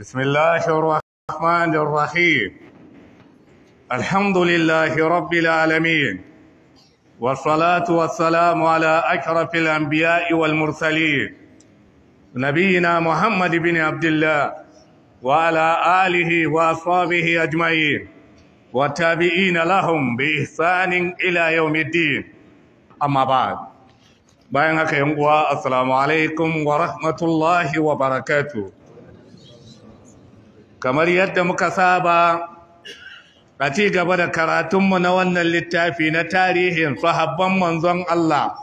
بسم الله الرحمن الرحيم الحمد لله رب العالمين والصلاة والسلام على أشرف الأنبياء والمرسلين نبينا محمد بن عبد الله وعلى آله وأصحابه أجمعين والتابعين لهم بإحسان إلى يوم الدين أما بعد بينك يوم السلام عليكم ورحمة الله وبركاته kamar yadda muka saba a ci gaba da karatunmu na wannan littafi na tarihin sahabban manzon Allah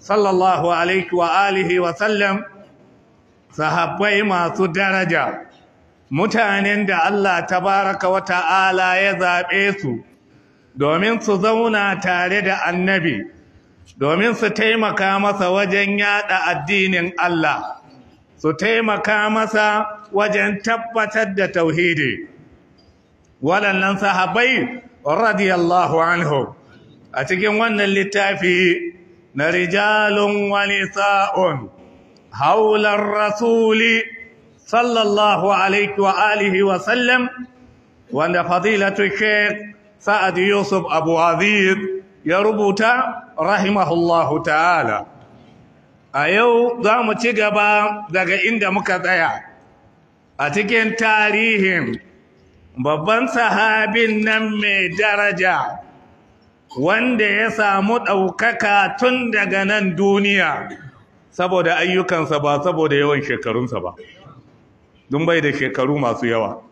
sallallahu alaihi wa alihi wa sallam sahabbai masu daraja mutanen da Allah tabaraka wa ta'ala ya zaɓe su domin su zauna tare da annabi domin su taimaka masa wajen yada addinin Allah su taimaka masa wajen tabbatar da tauhidi waɗannan sahabai radiyallahu anhu a cikin wannan littafi na rijalun wani sa'un haular rasuli sallallahu alaihi alihi wa sallam wanda fadilatu ke sa'ad yusuf abu aziz ya rubuta rahimahullahu ta'ala a yau za mu ci gaba daga inda muka tsaya a cikin tarihin babban sahabin nan mai daraja wanda ya samu ɗaukaka tun daga nan duniya saboda ayyukansa ba saboda yawan shekarunsa ba dun bai da shekaru masu yawa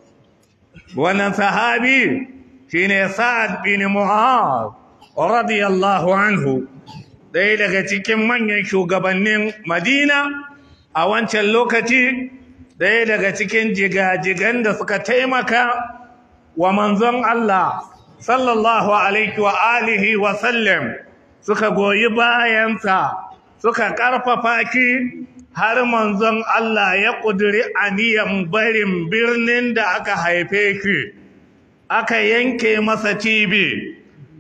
wannan sahabi shi ne sa'ad bin mu'az radiyallahu anhu ɗaya daga cikin manyan shugabannin madina a wancan lokaci Daya daga cikin jigajigan da suka taimaka wa manzon Allah sallallahu alaihi wa alihi wa sallam suka goyi bayansa suka karfafa ki har manzon Allah ya ƙudiri aniyan barin birnin da aka haife ki aka yanke masa cibi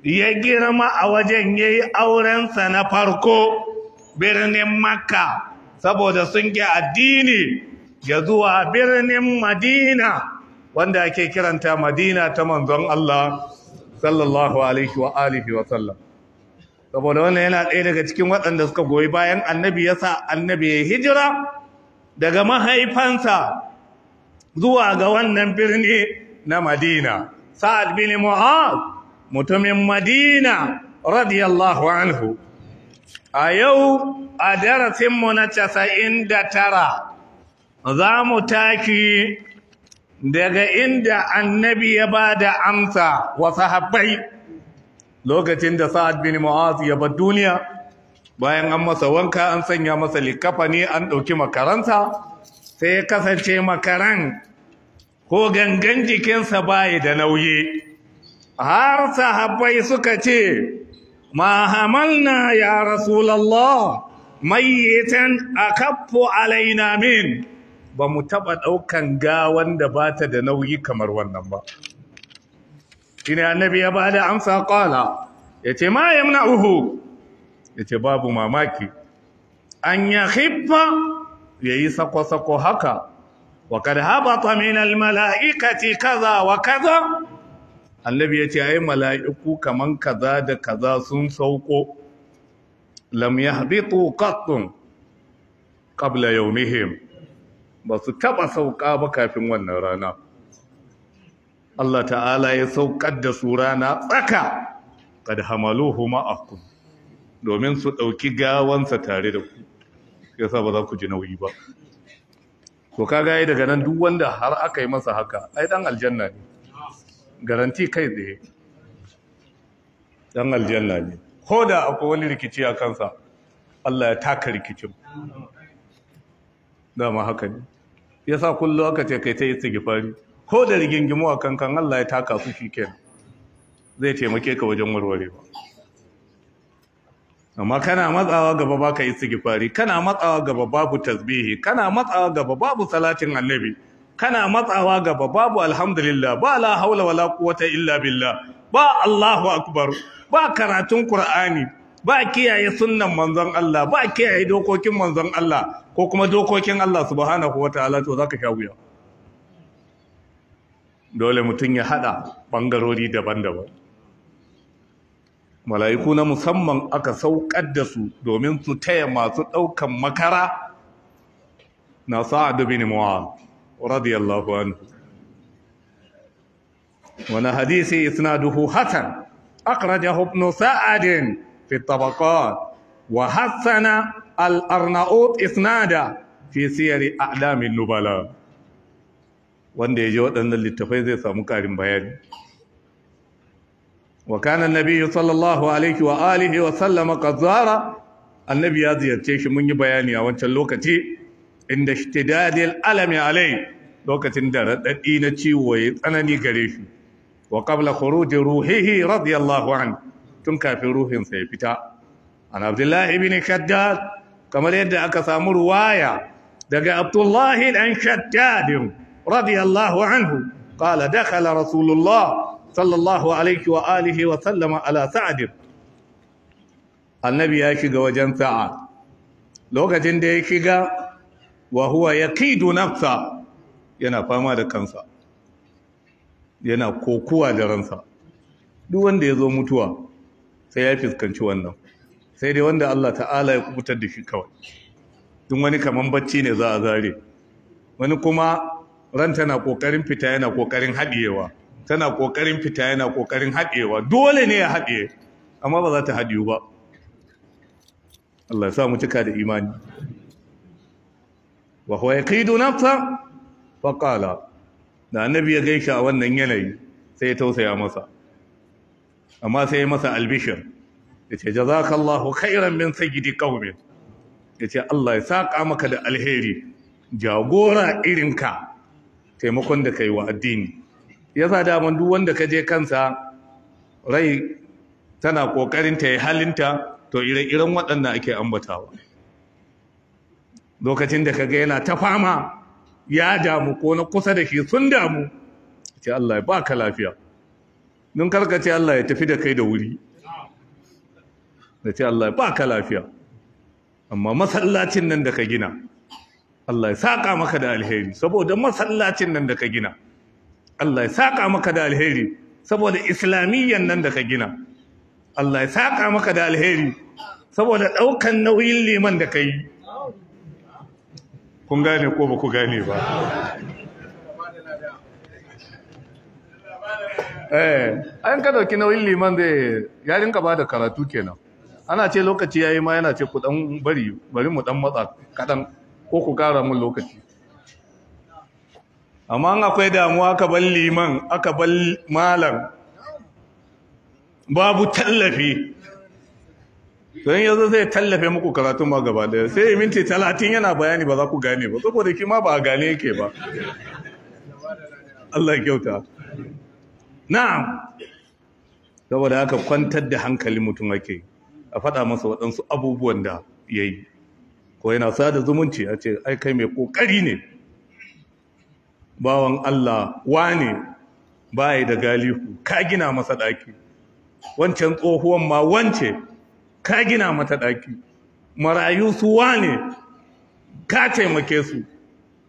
ya girma a wajen ya yi aurensa na farko birnin makka saboda sun ki addini ya zuwa birnin madina wanda ake kiranta madina ta manzon Allah sallallahu alaihi wa alihi wa sallam saboda wannan yana ɗaya daga cikin waɗanda suka goyi bayan annabi ya sa annabi ya hijira daga mahaifansa zuwa ga wannan birni na madina sa'ad bin mu'az mutumin madina radiyallahu anhu a yau a darasinmu na casa'in da tara za mu taki daga inda annabi ya ba da amsa wa sahabbai lokacin da sa'ad bin mu'az ya bar duniya bayan an masa wanka an sanya masa ne an ɗauki makaranta, sai ya kasance makaran ko gangan jikinsa bayi da nauyi har sahabbai suka ce ma hamalna ya rasulallah mayyitan akaffu alaina min ba mu taɓa ɗaukan gawan da ba ta da nauyi kamar wannan ba shi ne annabi ya ba da amsa ƙwala ya ce ma ya muna uhu ya ce babu mamaki an ya haifa ya yi sako-sako haka wa kad habata min almala'ikati kaza wa kaza annabi ya ce ai mala'iku kaman kaza da kaza sun sauko lam yahbitu qattun qabla yawmihim ba su taba sauka ba kafin wannan rana Allah ta'ala ya saukar da su rana tsaka kad a ma'akum domin su ɗauki gawansa tare da ku Ya sa ba za ku ji nauyi ba to kaga yi daga nan duk wanda har aka yi masa haka ai dan aljanna ne garanti kai tsaye dan aljanna ne ko da akwai wani rikici a kansa Allah ya taka rikicin dama haka ne Ya sa kullum aka ce kai ta yi gifari, ko da rigingimu a kankan Allah ya taka su ke zai taimake ka wajen warwarewa amma kana matsawa gaba ba ka baka gifari? kana matsawa gaba babu tasbihi kana matsawa gaba babu salatin annabi kana matsawa gaba babu alhamdulillah ba la haula wala quwwata illa billah ba Allahu akbar ba karatun Qur'ani ba kiyaye sunnan manzon Allah ba kiyaye dokokin manzon Allah ko kuma dokokin Allah subhanahu wataala to zaka sha wuya dole mutum ya hada bangarori daban-daban mala'iku na musamman aka saukar da su domin su taya masu daukan makara na sa'ad bin mu'ad radiyallahu anhu wani hadisi isnaduhu hasan aqrajahu ibn sa'adin في الطبقات وحسن الأرناؤوط إسنادا في سير أعلام النبلاء wanda ya je waɗannan littafai zai samu ƙarin bayani wa kana annabi sallallahu alaihi wa alihi wa sallama qazzara annabi ya ziyarce shi mun yi bayani a wancan lokaci inda ishtidadil alami alai lokacin da radadi na ciwo ya tsanani gare shi wa qabla khuruj ruhihi radiyallahu anhu tun kafin ruhinsa ya fita an abdullahi ibn shaddad kamar yadda aka samu ruwaya daga abdullahi dan shaddadin radiyallahu anhu qala dakhala rasulullah sallallahu alaihi wa alihi wa sallama ala sa'd annabi ya shiga wajen sa'a lokacin da ya shiga wa huwa yaqidu nafsa yana fama da kansa yana kokuwa da ransa duk wanda ya zo mutuwa sai ya fuskanci wannan sai dai wanda Allah ta'ala ya kubutar da shi kawai tun wani kamar bacci ne za a zare wani kuma ran tana kokarin fita yana kokarin haɗiyewa tana kokarin fita yana kokarin haɗewa dole ne ya haɗe amma ba za ta haɗiyu ba Allah ya sa mu cika da imani wa huwa yaqidu nafsa fa qala da annabi ya gaisha wannan yanayi sai ya tausaya masa amma sai masa albishir ya ce jazakallahu khairan min sayyidi qaumin ya ce Allah ya saƙa maka da alheri jagora irinka taimakon da ka yi wa addini Ya yasa daman duk wanda ka je kansa rai tana ƙoƙarin ta yi halinta to ire-iren waɗannan ake ambatawa lokacin da ka ga yana ta fama ya damu ko na kusa da shi sun damu ce Allah ya ba ka lafiya don karkace Allah ya tafi da kai da wuri da ce Allah ya ba ka lafiya amma masallacin nan da ka gina Allah ya saƙa maka da alheri saboda masallacin nan da ka gina Allah ya saƙa maka da alheri saboda islamiyyan nan da ka gina Allah ya saƙa maka da alheri saboda ɗaukan nauyin liman da ka yi kun gane ko ba ku gane ba eh an ka dauki nauyin liman da ya rinka ba da karatu kenan ana ce lokaci ya yi ma yana ce ku dan bari bari mu dan matsa kadan ko ku kara mun lokaci amma an akwai damuwa aka bar liman aka bar malam babu tallafi don yanzu zai tallafe muku karatu ma gaba daya sai minti talatin yana bayani ba za ku gane ba saboda kima ba a gane yake ba Allah kyauta na'am saboda haka kwantar da hankalin mutum ake a faɗa masa waɗansu abubuwan da ya yi ko yana sada zumunci a ce ai kai mai ƙoƙari ne bawan Allah wane baya da galihu ka gina masa ɗaki wancan tsohuwan ma wance ka gina mata ɗaki marayu su wane ka taimake su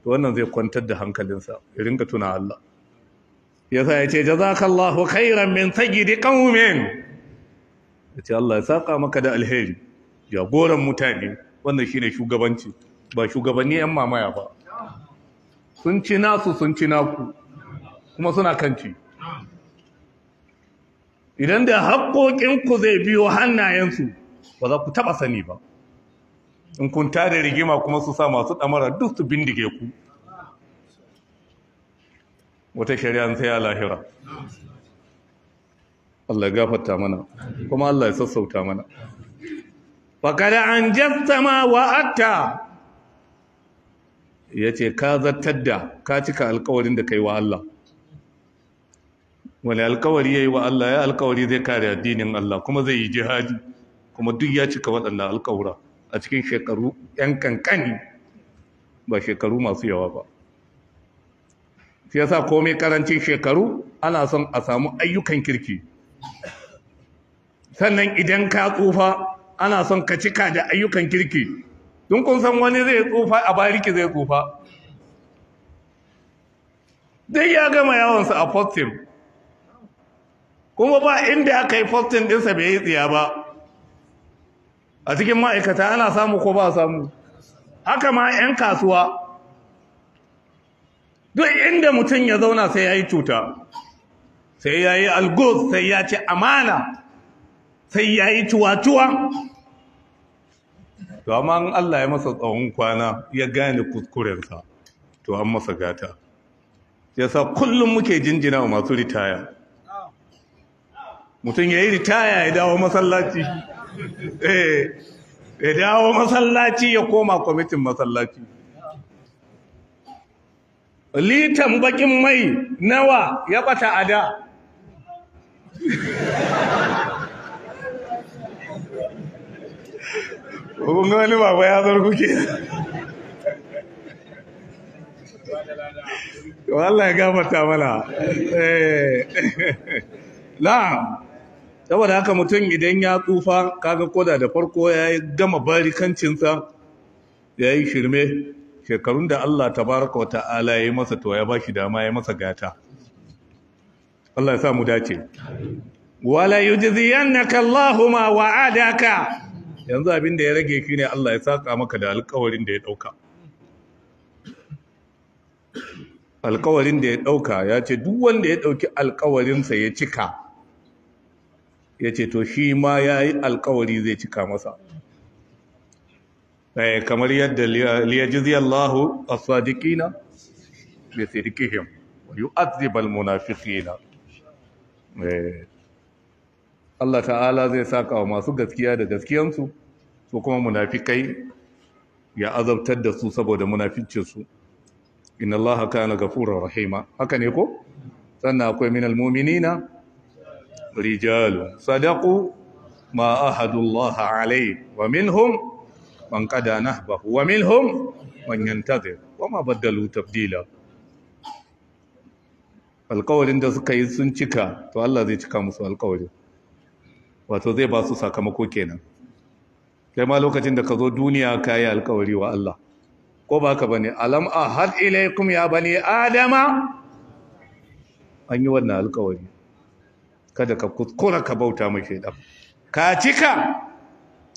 to wannan zai kwantar da hankalinsa ya ringa tuna Allah yasa ya ce jazakallahu khairan min sayyidi qaumin ce Allah ya saka maka da alheri jagoran mutane wannan shine shugabanci ba shugabanni yan mamaya ba sun ci nasu sun ci naku kuma suna kanci idan da haƙoƙinku zai biyo hannayensu ba za ku taɓa sani ba in kun tare rigima kuma su sa masu ɗamara duk su bindige ku wata shari'an sai a lahira Allah ya gafarta mana kuma Allah ya sassauta mana faƙada an jassama wa'atta ya ce ka zartar da ka cika alkawarin da ka yi wa Allah wani alkawari ya yi wa Allah ya alkawari zai kare addinin Allah kuma zai yi jihadi kuma duk ya cika waɗannan alkawura a cikin shekaru ‘yan kankani ba shekaru masu yawa ba shi yasa komai karancin shekaru ana son a samu ayyukan kirki sannan idan ka tsufa ana son ka cika da ayyukan kirki don kun san wani zai tsufa a bariki zai tsufa dai ya gama yawonsa a fostin. kuma ba inda aka yi fostin dinsa bai yi tsiya ba a cikin ma'aikata ana samu ko ba samu haka ma 'yan kasuwa duk inda mutum ya zauna sai ya yi cuta sai ya yi algos sai ya ci amana sai ya yi cuwa-cuwa to amma an Allah ya masa tsawon kwana ya gane kuskurensa to an masa gata ya sa kullum muke jinjina wa masu ritaya mutum ya yi ritaya ya dawo masallaci eh, ya dawo masallaci ya koma kwamitin masallaci litan bakin mai nawa ya bata a da gani wani baba ya zar kuke wallah ya gafarta mana eh. na'am saboda haka mutum idan ya tsufa kaga koda da farko ya gama barikancinsa ya yi shirme shekarun da Allah baraka wa ta'ala ya masa to ya ba shi dama ya masa gata Allah ya sa mu dace wala yujziyannaka huma wa adaka? yanzu abin da ya rage ne Allah ya saka maka da alƙawarin da ya ɗauka. alƙawarin da ya ɗauka ya ce duk wanda ya ɗauki alkawarinsa ya cika ya ce to shi ma ya yi alƙawari zai cika masa kamar yadda liyajiziyallahu as-sadiqina bi sidqihim wa yu'adhibal munafiqina Allah ta'ala zai saka wa masu gaskiya da gaskiyansu su kuma munafikai ya azabtar da su saboda munaficinsu inna allaha kana ghafurur rahima haka ne ko sannan akwai minal mu'minina rijalu sadaqu ma ahadu allaha alayhi wa minhum man qada nahbahu wa minhum man yantazir wa ma badalu tabdila alƙawarin da suka yi sun cika to Allah zai cika musu alƙawarin wato zai ba su sakamako kenan kai ma lokacin da ka zo duniya ka yi alƙawari wa Allah ko ba ka bane alam ahad ilaikum ya bani adama an yi wannan alƙawari kada ka kuskura ka bauta mai shaidan ka cika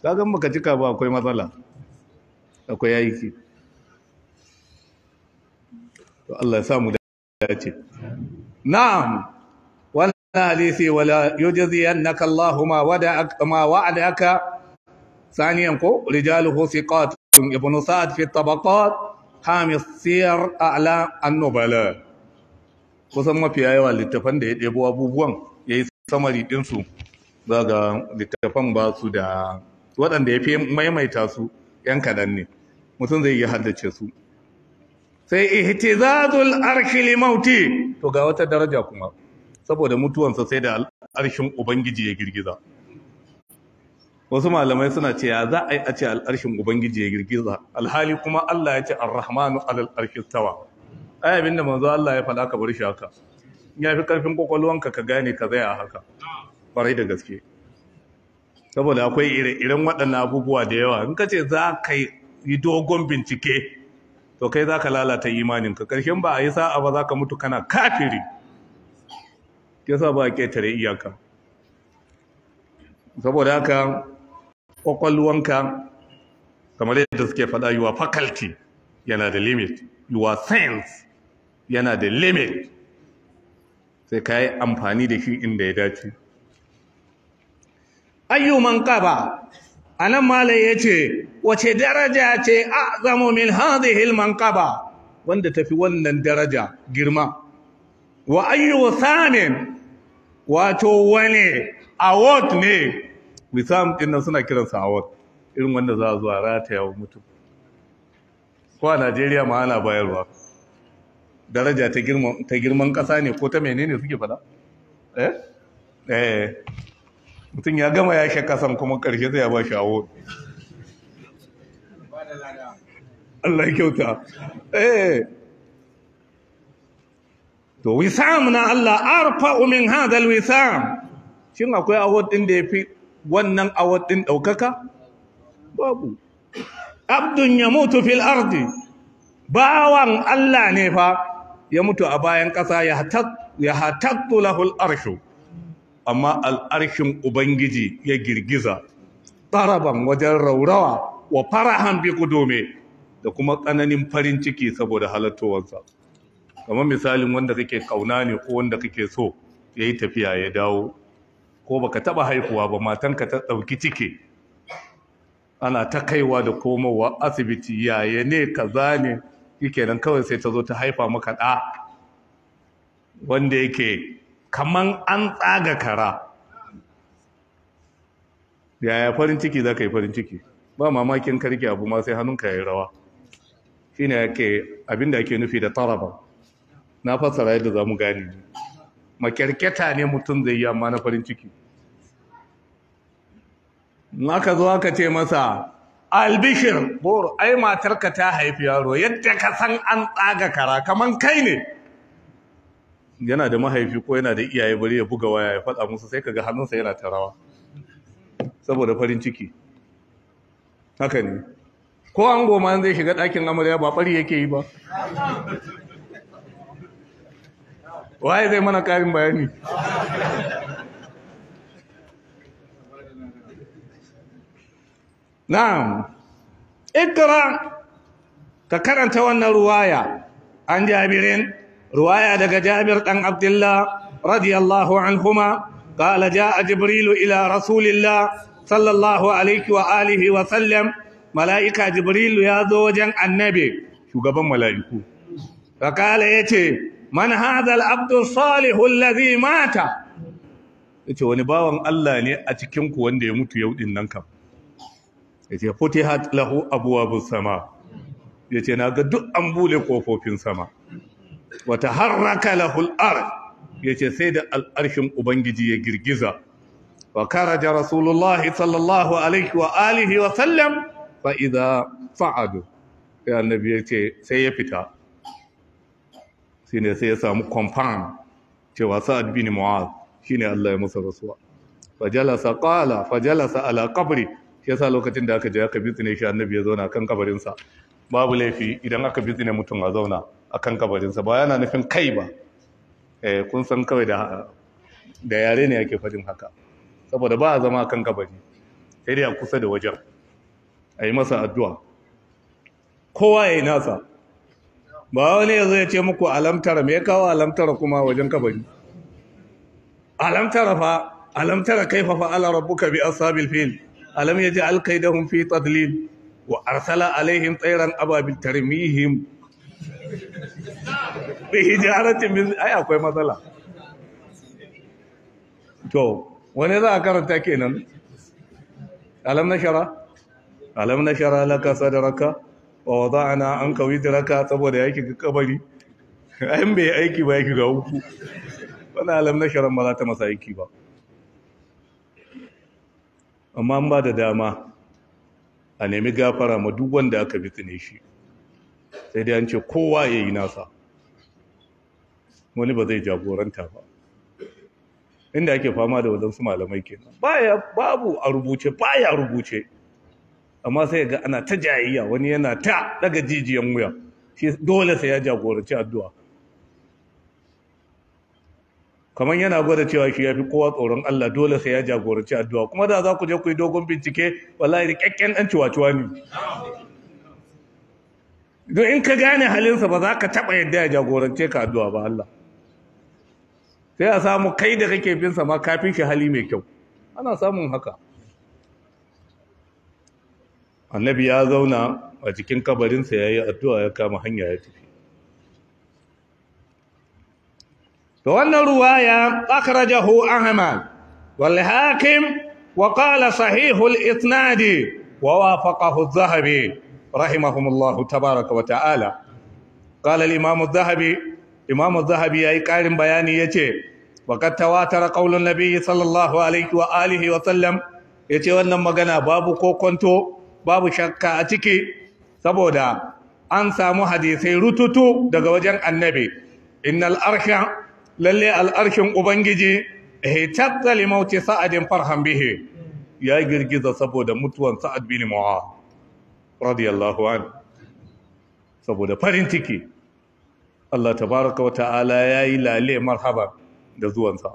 kagan ka cika ba akwai matsala akwai aiki to Allah ya samu dace na'am wannan hadisi wala yujzi annaka Allahu ma wada'aka ma wa'adaka ثانيا قو رجاله ثقات ابن سعد في الطبقات حامي السير أعلى النبلاء kusan mafiya yawa littafan da ya ɗebo abubuwan ya yi samari ɗinsu za ga littafan ba su da waɗanda ya fi maimaita su yan kadan ne mutum zai yi haddace su sai ihtizazul arshi li mauti to ga wata daraja kuma saboda mutuwansa sai da arshin ubangiji ya girgiza wasu malamai suna ce za a yi a ce al'arshin ubangiji ya girgiza alhali kuma Allah ya ce ar-rahmanu alal arshi tawa ai abinda manzo Allah ya faɗa ka bar shi haka ya fi karfin kwakwalwanka ka gane ka zaya haka ƙwarai da gaske saboda akwai ire-iren waɗannan abubuwa da yawa in ka ce za ka yi dogon bincike to kai za ka lalata imaninka ƙarshen ba a yi sa'a ba za ka mutu kana kafiri ya sa ba a ƙetare iyaka saboda haka ƙwaƙwalwanka kamar yadda suke faɗa yiwa fakalti yana da limit yiwa science yana da limit sai ka yi amfani da shi inda ya dace ayyu qaba anan malai yace wace daraja ce azamu min hadhihi almanqaba wanda tafi wannan daraja girma wa ayyu thamin wato wane award ne wisam din nan suna sa award irin wanda za a zo a rataya wa mutum ko a Najeriya ma ana bayarwa daraja ta girman ƙasa ne ko ta menene suke fada eh eh mutum ya gama ya sha kasan kuma ƙarshe zai ba shi awo Allah kyauta eh to wisam na Allah arfa min hadha alwisam shin akwai awo din da yafi wannan awo din daukaka babu abdun yamutu fil ardi bawan Allah ne fa ya mutu a bayan kasa ya hatat ya hatattu lahu al arshu amma al'arshin ubangiji ya girgiza taraban wajen raurawa wa farahan bi gudome da kuma tsananin farin ciki saboda halattowarsa kamar misalin wanda kake ƙauna ne ko wanda kake so ya yi tafiya ya dawo ko baka taɓa haihuwa ba matanka ta ɗauki ciki ana ta kaiwa da komowa asibiti yaya ne ka zane yake nan kawai sai ta zo ta haifa maka ɗa wanda yake kaman an tsaga kara yaya farin ciki za ka yi farin ciki ba mamakin karki abu ma sai hannunka ya yi rawa shi ne yake abinda ake nufi da taraba na fassara yadda za mu gani makyarketa ne mutum zai yi amma na farin ciki Na ka zo aka ce masa albishir boro ai matarka ta haifi yaro yadda ka san an tsaga kara kaman kai ne yana da mahaifi ko yana da iyaye bari ya buga waya ya faɗa musu sai kaga hannunsa yana ta rawa saboda farin ciki haka ne ko an goma zai shiga ɗakin amarya ba ɓari yake yi ba waye zai mana ƙarin bayani na'am ikra ka karanta wannan ruwaya an jabirin ruwaya daga Jabir dan Abdullah radiyallahu anhuma qala jaa Jibril ila Rasulillah sallallahu alaihi wa alihi wa sallam mala'ika Jibril ya zo wajen annabi shugaban mala'iku fa kala yace man hadha al-abdu salihu alladhi mata yace wani bawan Allah ne a cikin ku wanda ya mutu yau din nan kam yace futihat lahu abwabus sama yace na ga duk an bule kofofin sama wata harraka lahul arsh yace sai da al'arshin ubangiji ya girgiza wa karaja rasulullahi sallallahu alaihi wa alihi wa sallam fa idza fa'adu sai annabi yace sai ya fita shine sai ya samu confirm cewa sa'ad bin mu'az shine Allah ya musa rasuwa Fa fajalasa qala fajalasa ala qabri yasa lokacin da aka je aka bizne shi annabi ya zauna kan kabarinsa babu laifi idan aka bizne mutum a zauna akan kabarinsa ba yana nufin kai ba eh, kun san kawai da yare ne yake fadin haka saboda ba a zama akan kabari sai dai a kusa da wajen a yi masa addu'a kowa ya yi nasa ba wani yanzu ya ce muku alamtara me ya kawo alamtara kuma wajen kabari alamtara fa alamtara kai kaifa fa'ala rabbuka bi ashabil fil alam ya yaji alkaidahum fi tadlil wa arsala alaihim tsairan ababil tarmihim bi hijaratin min ai akwai matsala to wani za a karanta kenan alam shara? alam nashara laka sadraka wa an anka widraka saboda yake ga kabari An bai aiki ba yake ga uku wani alam shara ba za ta masa aiki ba amma an ba da dama a nemi gafara ma duk wanda aka ne shi sai dai an ce kowa ya yi nasa wani ba zai jagoranta ba inda ake fama da wadansu malamai kenan babu a rubuce baya rubuce amma sai ga ana ta jayayya wani yana ta daga jijiyan wuya shi dole sai ya jagoranci addu'a kamar yana gwada cewa shi ya fi kowa tsoron Allah dole sai ya jagoranci addu'a kuma da za ku je ku yi dogon bincike wallahi rikakken dan ciwa ne don in ka gane halinsa ba za ka taɓa yadda ya jagorance ka addu'a ba Allah sai a samu kai da kake binsa ma kafin shi hali mai kyau ana samun haka annabi ya zauna a cikin kabarinsa ya yi addu'a ya kama hanya ya tafi Da wannan ruwa ya ruwaya akhrajahu ahmad wal hakim wa qala sahihul isnadi wa wafaqahu az-zahabi رحمهم الله تبارك وتعالى قال الإمام الذهبي إمام الذهبي يا قارن بياني يتي وقد تواتر قول النبي صلى الله عليه وآله وسلم يتي wannan magana babu ko kwanto babu shakka a ciki saboda an samu hadisai rututu daga wajen annabi innal arsha lalle al arshin ubangiji hitatta li mauti sa'adin farhan bihi ya girgiza saboda mutuwan sa'ad bin mu'adh radiyallahu an saboda farin ciki Allah tabaraka wa ta'ala yi lale marhaba da zuwansa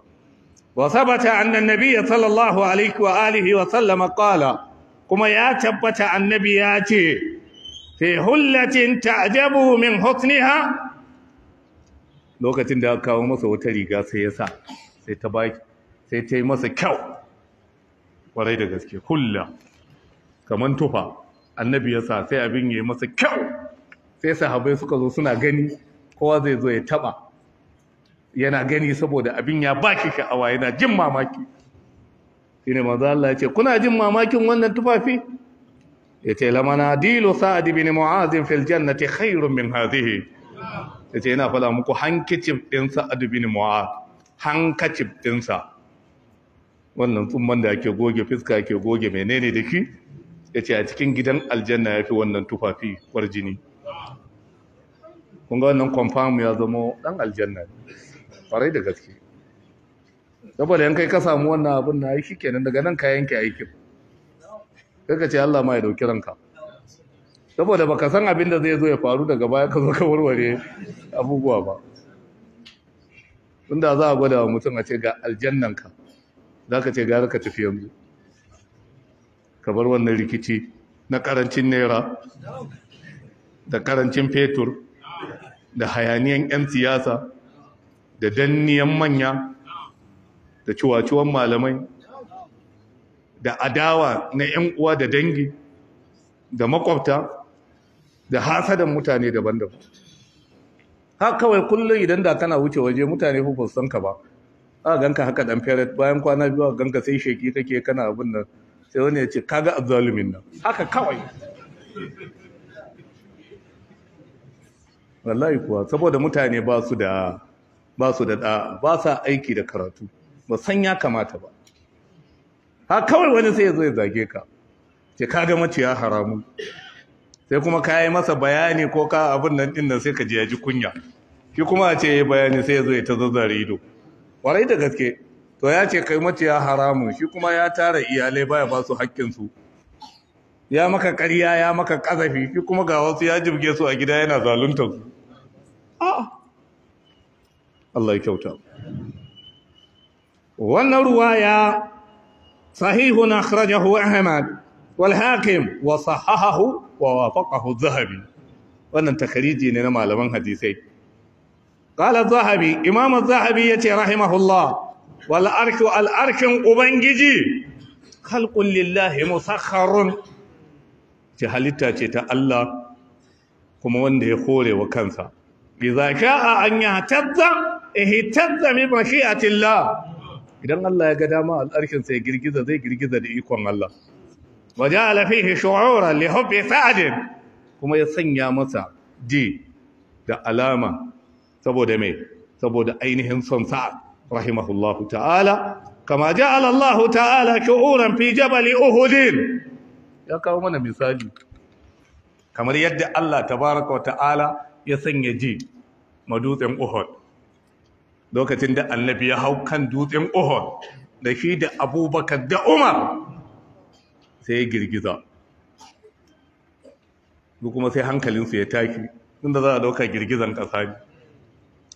wa sabata anna sallallahu alaihi wa alihi wa sallama kala kuma ya tabbata annabi ya ce fi hullatin ta'jabu min husniha lokacin da aka kawo masa wata riga sai ya sa sai ta sai ta yi masa kyau kwarai da gaske hulla kamar tufa annabi ya sa sai abin ya yi masa kyau sai sahabai suka zo suna gani kowa zai zo ya taba yana gani saboda abin ya baki sha'awa yana jin mamaki shi ne manzo Allah ya ce kuna jin mamakin wannan tufafi ya ce lamana dilo sa'ad ibn mu'az fi aljannati khairun min hadhihi ya ce yana fada muku hankicin din sa'ad ibn mu'az hankicin din sa wannan tsumman da ake goge fiska ake goge menene da shi ya ce a cikin gidan aljanna ya fi wannan tufafi jini. ƙunga wannan kwamfam ya zama ɗan aljanna farai da gaske saboda yankai ka samu wannan abin na aiki kenan daga nan ka yanke aikin ka ce Allah ma ya dauki ranka saboda baka san abin da zai zo ya faru daga baya ka zo ka warware abubuwa ba da za a gwada mutum a ce ga aljannanka za ka ce gara ka tafi yanzu Ka bar wannan rikici na karancin naira da karancin fetur da hayaniyan 'yan siyasa da danniyan manya da ciwaciwan malamai da adawa na 'yan uwa da dangi da makwabta da hasadan mutane daban-daban haka kawai kullum idan da kana wuce waje mutane fa ba san ka ba a ganka haka dan feret bayan kwana biyu a ganka sai sheki take kana abin nan sai wani ya ce kaga azzalumin nan haka kawai wallahi kuwa saboda mutane ba su da ɗa da ba sa aiki da karatu ba san ya kamata ba ha kawai wani sai ya zo ya zage ka ce kaga maciya haramu sai kuma ka yi masa bayani ko ka abin nan din nan sai ka ji ya ji kunya shi kuma a ce ya bayani sai ya zo ya ta zazzare ido kwarai da gaske to ya ce kai mace ya haramu shi kuma ya tara iyalai baya ba su haƙƙinsu ya maka ƙarya ya maka ƙazafi shi kuma ga wasu ya jibge su a gida yana zalunta su Allah ya kyauta wannan ruwa ya… ruwaya sahihun akhrajahu ahmad wal hakim wa sahahahu wa wafaqahu zahabi wannan takariji ne na malaman hadisai qala zahabi imam zahabi yace rahimahullah wal arki ubangiji khalqun lillahi musakharun ce halitta ce ta Allah kuma wanda ya kore wa kansa idza ka'a an yahtazza ihtazza bi mashi'atillah idan Allah ya ga dama al'arkin sai girgiza zai girgiza da ikon Allah waja'ala fihi shu'uran li hubbi sa'd kuma ya sanya masa ji da alama saboda me saboda ainihin son sa'ad rahimahullahu ta'ala kama ja'ala ta'ala shu'uran fi jabal ya kawo mana misali kamar yadda Allah tabaraka ta'ala ya sanya ji ma dutsen Uhud lokacin da annabi ya hau kan dutsen Uhud da shi da Abubakar da Umar sai ya girgiza kuma sai hankalinsu ya taki tunda za a dauka girgizan ƙasa ne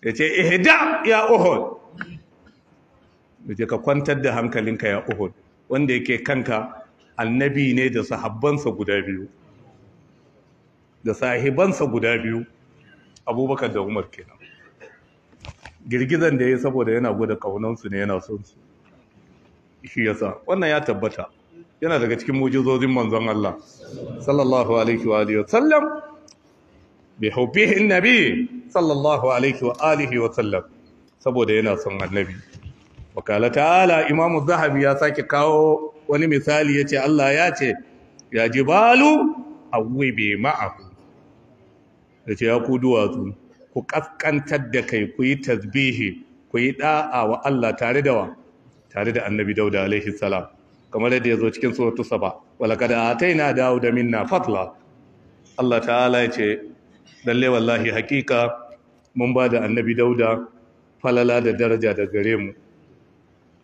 ya ce ihda ya Uhud da ka kwantar da hankalinka ya uhud wanda yake kanka annabi ne da sahabbansa guda biyu da sahibansa guda biyu abubakar da umar kenan girgizan da ya saboda yana gwada kaunansu ne yana son su shi yasa wannan ya tabbata yana daga cikin mujizozin manzon Allah sallallahu alaihi wa alihi wa sallam bi hubbihi annabi sallallahu alaihi wa alihi wa sallam saboda yana son annabi wakala ta'ala imamu zahabi ya sake kawo wani misali ya ce Allah ya ce ya ji balu a wube ma'ahu Ya ce ya ku duwatsu ku kaskantar da kai ku yi tasbihi ku yi da'a wa Allah tare da wa tare da annabi dauda alaihi salam kamar yadda ya zo cikin suratu saba walaka da atai na dawo da minna fatla Allah ta'ala ya ce lalle wallahi hakika mun ba da annabi dauda falala da daraja da gare mu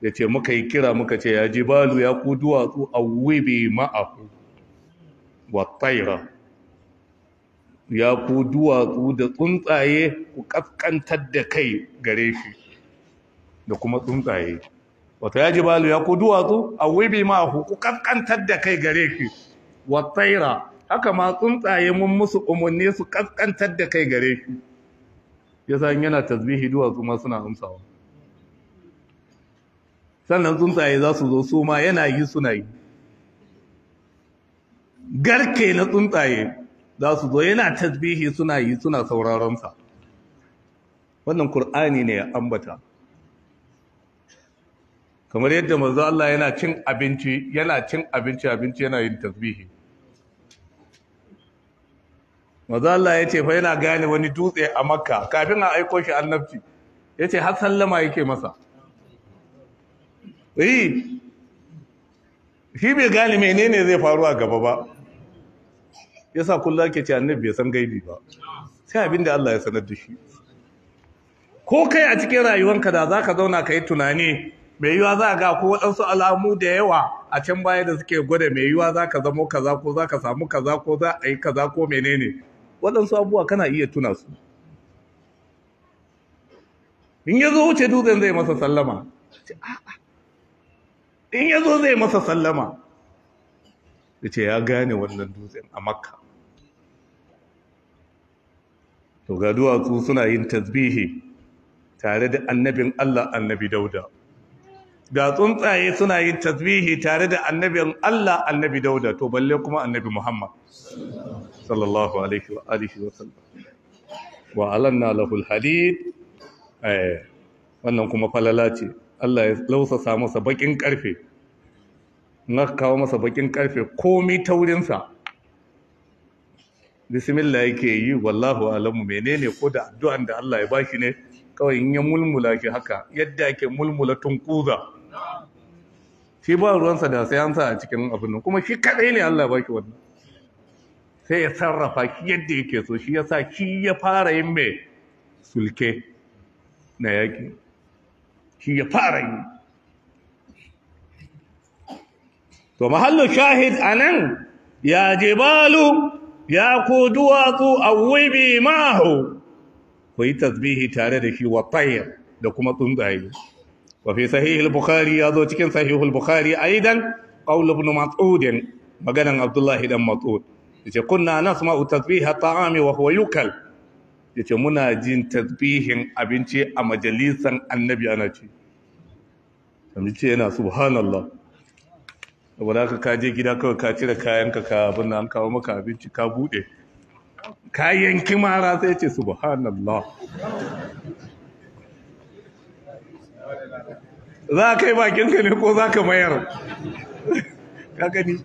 ya ce muka yi kira muka ce ya ji balu ya ku duwatsu a wibi ma'ahu wa tsaira ya ku duwatsu da tsuntsaye ku kaskantar da kai gare shi da kuma tsuntsaye wata ya ji balu ya ku duwatsu a wibi ma'ahu ku kaskantar da kai gare shi wa tsaira haka ma tsuntsaye mun musu umarni su kaskantar da kai gare shi ya in yana tasbihi duwatsu ma suna amsawa sannan tsuntsaye za su zo su ma yana yi suna yi garke na tsuntsaye za su zo yana tasbihi suna yi suna sauraronsa wannan Kur'ani ne ya ambata kamar yadda mazu Allah yana cin abinci yana cin abinci abinci yana yin tasbihi maza Allah ya ce fa yana gane wani dutse a makka kafin a aiko shi annabci ya ce har sallama yake masa yi shi bai gane menene zai faru a gaba ba ya sa kulla ke ce annabi bai san gaibi ba sai abin da Allah ya sanar da shi ko kai a cikin rayuwanka da za ka zauna ka yi tunani mai yiwa za ga ko waɗansu alamu da yawa a can baya da suke gwada mai yiwa za ka zamo kaza ko za ka samu kaza ko za a yi kaza ko menene waɗansu abuwa kana iya tuna su in ya zo wuce dutsen zai masa sallama in ya zo zai masa sallama ya ce ya gane wannan dutsen a makka to ga duwatsu suna yin tasbihi tare da annabin allah annabi dauda ga tsuntsaye suna yin tasbihi tare da annabin Allah annabi Dauda to balle kuma annabi Muhammad sallallahu alaihi wa alihi wa sallam wa alanna lahul hadid eh wannan kuma falala ce Allah ya lausasa masa bakin karfe na kawo masa bakin karfe komai sa bismillah yake yi wallahu alamu menene ko da addu'an da Allah ya bashi ne kawai in ya mulmula shi haka yadda yake mulmula tunkuza shi ba ruwansa da sai an sa a cikin abin nan kuma shi kadai ne Allah baki wannan sai ya sarrafa shi yadda yake so shi yasa shi ya fara yin mai sulke na yaki shi ya fara yi to mahallu shahid anan ya jibalu ya ku duwatsu awwibi mahu ku yi tasbihi tare da shi wa da kuma tsuntsaye wa fi sahih bukhari ya zo cikin sahih al a idan qaul ibn mas'ud maganan abdullahi dan mas'ud yace kunna nasma'u tasbiha ta'ami wa huwa yukal yace muna jin tasbihin abinci a majalisan annabi ana ci kamar ce yana subhanallah saboda haka ka je gida kawai ka cire kayanka ka abin an kawo maka abinci ka bude kayan kimara sai ce subhanallah za ka yi bakinka ne ko za ka mayar ka gani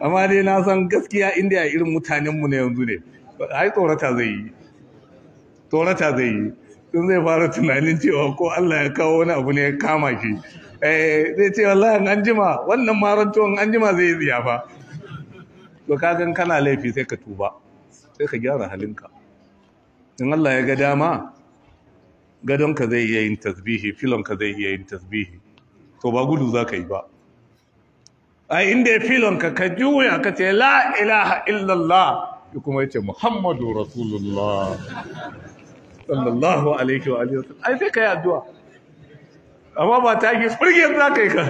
amma dai na san gaskiya inda ya irin mutanenmu na yanzu ne ai tsorata zai yi tsorata zai yi sun zai fara tunanin cewa ko Allah ya kawo wani abu ne ya kama shi eh, zai ce wallahi an jima wannan marantuwan an jima zai yi ziyafa. to kagan kana laifi sai ka tuba sai ka gyara halinka in Allah ya ga dama gadonka zai iya yin tasbihi filonka zai iya yin tasbihi to ba gudu za ka yi ba a inda ya filonka ka juya ka ce la ilaha illallah ya kuma ya ce muhammadu rasulullah sallallahu alaihi wa alihi wasallam ai sai ka yi addu'a amma ba ta ki furgin za ka yi ka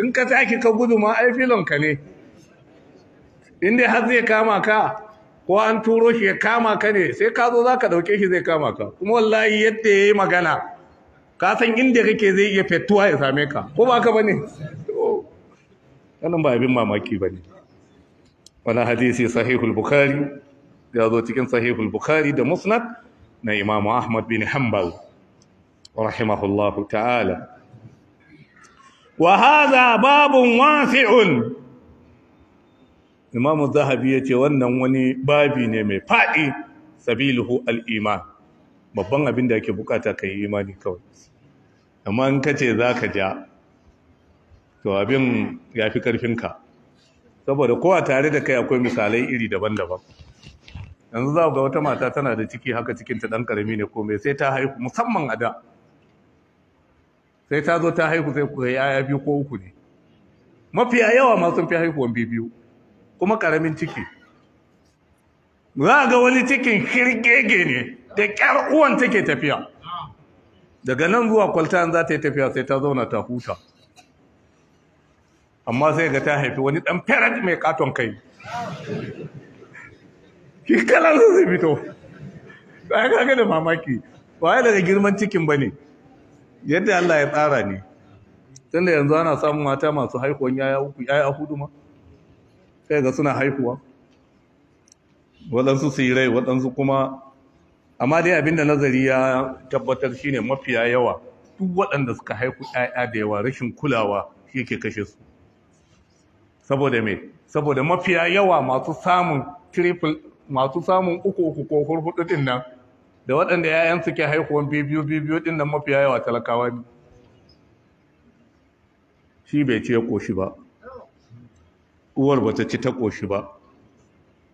in ka taki ka gudu ma ai filonka ne Inda har zai kama ka ko an turo shi ya kama ka ne sai ka zo za ka ɗauke shi zai kama ka kuma wallahi yadda ya yi magana ka san inda kake zai iya fetuwa ya same ka ko ba ka ba ne wannan ba abin mamaki ba ne wani hadisi sahihul bukhari ya zo cikin sahihul bukhari da musnad na imamu ahmad bin hanbal rahimahullahu ta'ala wa hadha babun wasi'un imam zahabi ya ce wannan wani babi ne mai faɗi sabiluhu al'iman babban abin da ake bukata ka yi imani kawai amma in ka ce za ka ja to abin ya fi ƙarfinka saboda kowa tare da kai akwai misalai iri daban-daban yanzu za ga wata mata tana da ciki haka cikinta ɗan ƙarami ne mai sai ta haihu musamman a da sai ta zo ta haihu sai ku ga yaya biyu ko uku ne mafiya yawa ma sun fi haihuwan biyu kuma karamin ciki za a ga wani cikin kirgege ne da kyar uwan take tafiya daga nan zuwa kwalta za ta yi tafiya sai ta zauna ta huta amma sai ga ta haifi wani ɗan ferret mai katon kai ki kalan su zai fito ba ya kaga da mamaki ba ya daga girman cikin ba ne yadda Allah ya tsara ne tunda yanzu ana samun mata masu haihuwan yaya uku yaya hudu ma sai ga suna haihuwa waɗansu sirai waɗansu kuma amma dai abinda nazari ya tabbatar shine mafiya yawa duk waɗanda suka haihu ‘ya'ya da yawa rashin kulawa shi ke kashe su saboda me saboda mafiya yawa masu samun triple masu samun uku uku ko hurhudu din nan da waɗanda ‘ya'yan suke haihuwan bibiyu bibiyu din nan mafiya yawa talakawa ne shi bai ce ya ƙoshi ba uwar ba ta ci ta ƙoshi ba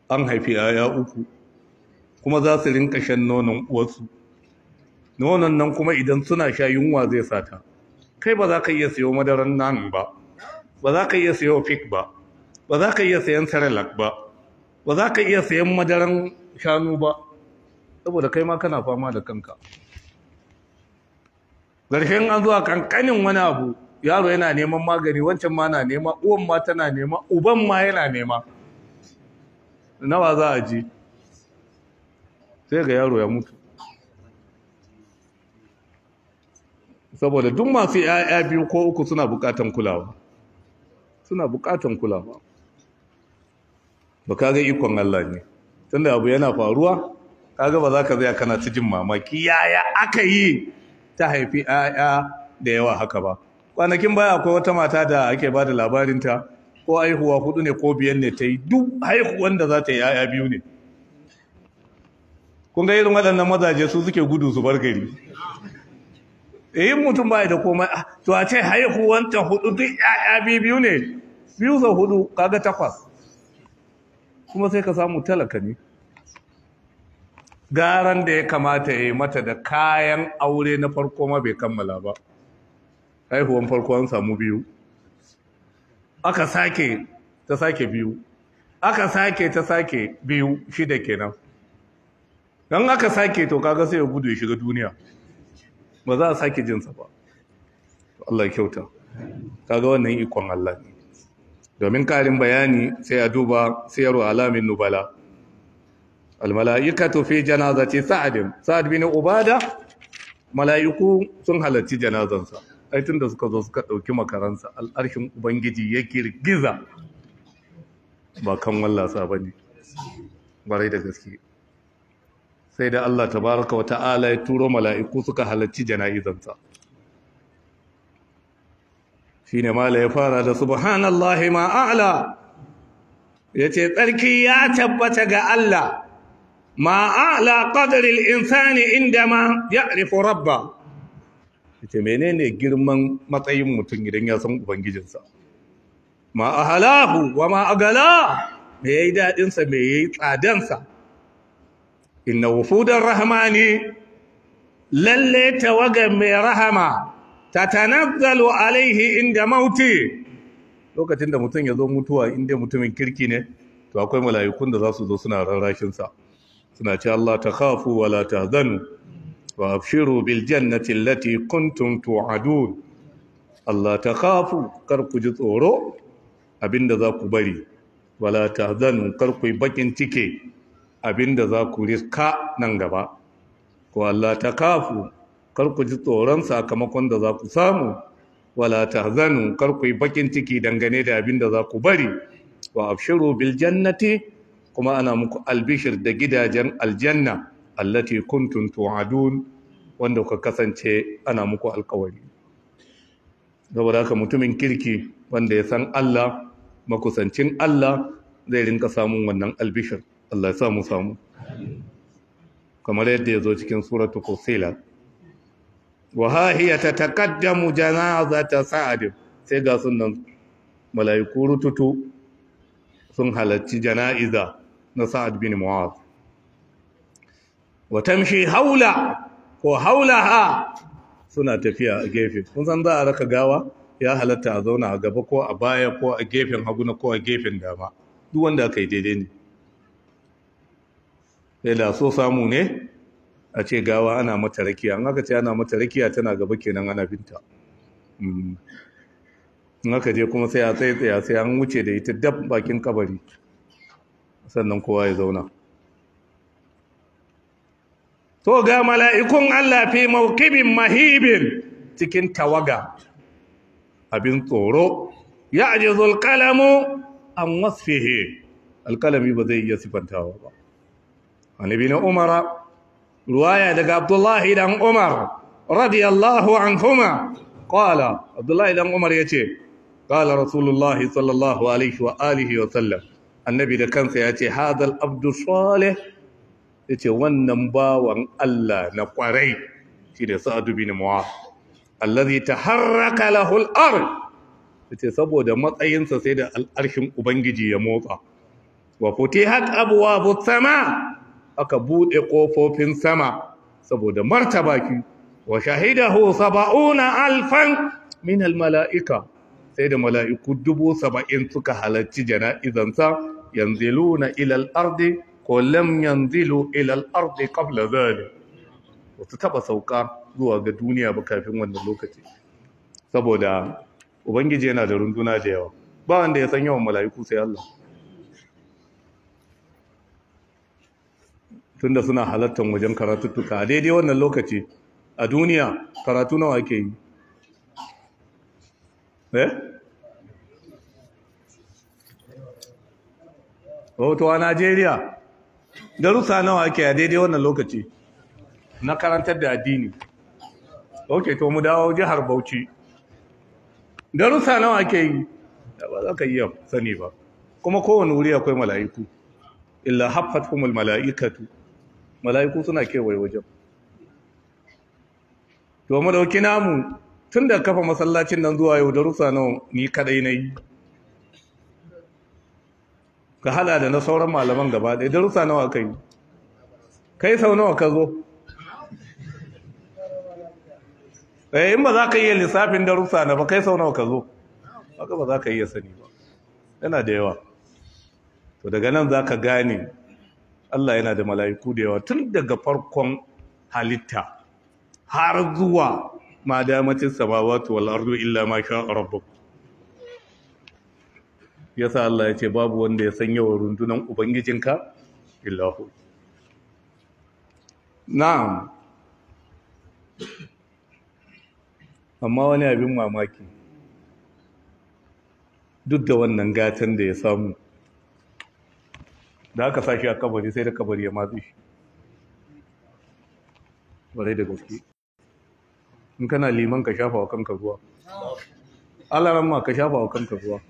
an haifi yaya uku kuma za su rinka shan nonon uwarsu nonon nan kuma idan suna sha yunwa zai sata kai ba za ka iya siyo madaran nan ba ba za ka iya siyo fik ba ba za ka iya sayan saralak ba ba za ka iya sayan madaran shanu ba saboda kai ma kana fama da kanka ƙarshen an zuwa kankanin wani abu yaro yana neman magani wancan ma na nema uwan ma tana nema uban ma yana nema nawa za a ji sai ga yaro ya mutu saboda duk masu ya'ya biyu ko uku suna bukatan kulawa suna bukatan kulawa ba ka ga ikon Allah ne tunda abu yana faruwa ga ba za ka zaya kana ta jin mamaki yaya aka yi ta haifi ya'ya da yawa haka ba kwanakin baya akwai wata mata da ake ba da labarinta ko aihuwa hudu ne ko biyan ne ta yi duk haihuwan da za ta yi yaya biyu ne kun ga irin waɗannan mazaje su suke gudu su bar gari yin eh, mutum ba da komai ah, to a ce ta hudu duk yaya biyu ne biyu za hudu kaga takwas kuma sai ka samu talaka ne garan da ya kamata ya yi mata da kayan aure na farko ma bai kammala ba haihuwan farko an samu biyu aka sake ta sake biyu aka sake ta sake biyu shida kenan don aka sake to kaga sai ya gudu ya shiga duniya ba za a sake jinsa ba Allah kyauta kaga wannan ikon Allah ne domin karin bayani sai a duba sai sayarwa alamin nubala almala'ikatu fi janazati sa'ad sa'ad bin ubada mala'iku sun halarci janazansa ai tun da suka zo suka ɗauki makaransa al'arshin ubangiji ya girgiza ba kan wallasa ba ne barai da gaske sai da Allah tabaraka wa ta'ala ya turo mala'iku suka halarci jana'izansa shi ne mala ya fara da subhanallahi ma'ala ya ce tsarki ya tabbata ga Allah ma'ala ƙadarin insani inda ma ya rufe rabba mene ne girman matsayin mutum idan ya san ubangijinsa ma ahalahu wa ma agala me yayi dadin sa me yayi tsadan sa inna wufudar rahmani lalle tawaga mai rahama ta tanazzalu alaihi inda mauti lokacin da mutum ya zo mutuwa inda mutumin kirki ne to akwai mala'ikun da za su zo suna rarrashin suna ce Allah ta khafu wala tahzanu وابشروا بالجنة التي كنتم توعدون الله تخافوا كركو جثورو abinda za ku bari wala tahzanu kar ku bakin tike abinda za ku riska nan gaba ko Allah takafu kar ku ji tsoron sakamakon da za ku samu wala tahzanu kar ku bakin ciki dangane da abinda za ku bari wa abshiru bil jannati kuma ana muku albishir da gidajen aljanna allati kuntum tu'adun wanda kuka kasance ana muku alkawari saboda haka mutumin kirki wanda ya san Allah makusancin Allah zai rinka samun wannan albishir Allah ya samu samu kamar yadda ya zo cikin suratu kusila wa ha hiya tataqaddamu janazata sa'ad sai ga sunan malaiku rututu sun halarci jana'iza na Sa'ad bin Mu'adh wa tamshi haula ko haulaha suna tafiya a gefe kun san za a raka gawa ya halatta a zauna a gaba ko a baya ko a gefen hagu ko a gefen dama duk wanda aka yi daidai ne sai eh, da so samu ne a ce gawa ana mata rakiya an aka ce ana mata rakiya tana gaba kenan ana binta mm. in aka je kuma sai a tsaye tsaye sai an wuce da ita dab bakin kabari sannan kowa ya zauna to ga mala'ikun Allah fi mawqibin mahibin cikin tawaga abin tsoro ya ajizul qalamu an wasfihi alkalami ba zai iya sifantawa ba annabi na Umar ruwaya daga abdullahi dan umar radiyallahu anhuma qala abdullahi dan umar yace qala rasulullahi sallallahu alaihi wa wa sallam annabi da kansa ya ce hadal abdu salih ya ce wannan bawan Allah na kwarai shi ne sa'adu bin muwa allazi ta harraka lahul ya ce saboda matsayinsa sai da al'arshin ubangiji ya motsa wa futihat abwaabus sama aka bude kofofin sama saboda martaba ki wa shahidahu sab'una alfan min mala'ika sai da mala'iku dubu saba'in suka halarci jana'izansa yanziluna ila al-ardi ولم ينزلوا الى الارض قبل ذلك dhalik taba sauka zuwa ga duniya ba kafin wannan lokaci saboda ubangiji yana da runduna da yawa ba wanda ya san yawan mala'iku sai Allah tunda suna halartar wajen karatuttuka a daidai wannan lokaci a duniya karatu nawa ake yi eh wato oh, a Najeriya darussa nawa ake a daidai wannan lokaci na karantar da addini ok to mu dawo jihar bauchi darussa nawa ake yi da ba za ka iya sani ba kuma kowane wuri akwai mala'iku illa haffatumul mala'ikatu mala'iku suna kewaye wajen to mu dauki namu tun da kafa masallacin nan zuwa yau darussa nawa ni kadai na yi ka hada da na sauran malaman gaba ɗaya darussa nawa ka yi kai sau nawa ka zo eh in ba za ka iya lissafin darussa na ba kai sau nawa ka zo haka ba za ka iya sani ba yana da yawa to daga nan za ka gane Allah yana da mala'iku da yawa tun daga farkon halitta har zuwa ma damacin samawatu wal ardu illa ma sha rabbuk Ya sa Allah ya ce babu wanda ya san yawan rundunan ubangijinka illahu na'am amma wani abin mamaki duk da wannan gatan da ya samu da aka sashi a kabari sai da kabari ya matsi shi warai da gaske in kana liman ka shafa wa kanka ruwa Allah ran ma ka shafa wa kanka ruwa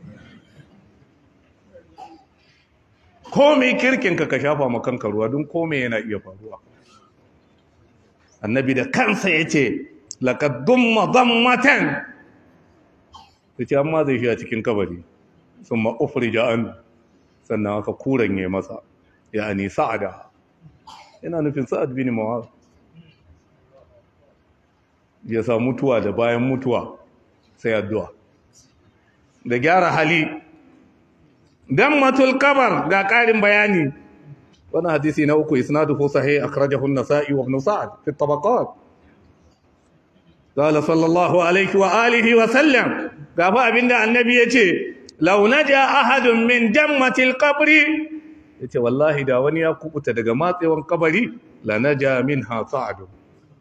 komai kirkin ka shafa makanka ruwa don komai yana iya faruwa annabi da kansa ya ce laƙaddun mazammatan ta ce amma zai shi a cikin kabari sun ma'ufri ja'an sannan aka ya masa ya ne sa'ada yana nufin sa'ad bin mawar ya sa mutuwa da bayan mutuwa sai addu'a da gyara hali dammatul kabar ga ƙarin bayani wannan hadisi na uku isnaduhu sahih akhrajahu an-nasa'i wa ibn sa'd fi tabaqat qala sallallahu alaihi wa alihi wa sallam gafa abinda annabi yace law naja ahadun min jammatil qabri yace wallahi da wani ya kubuta daga matsewan kabari la naja minha sa'd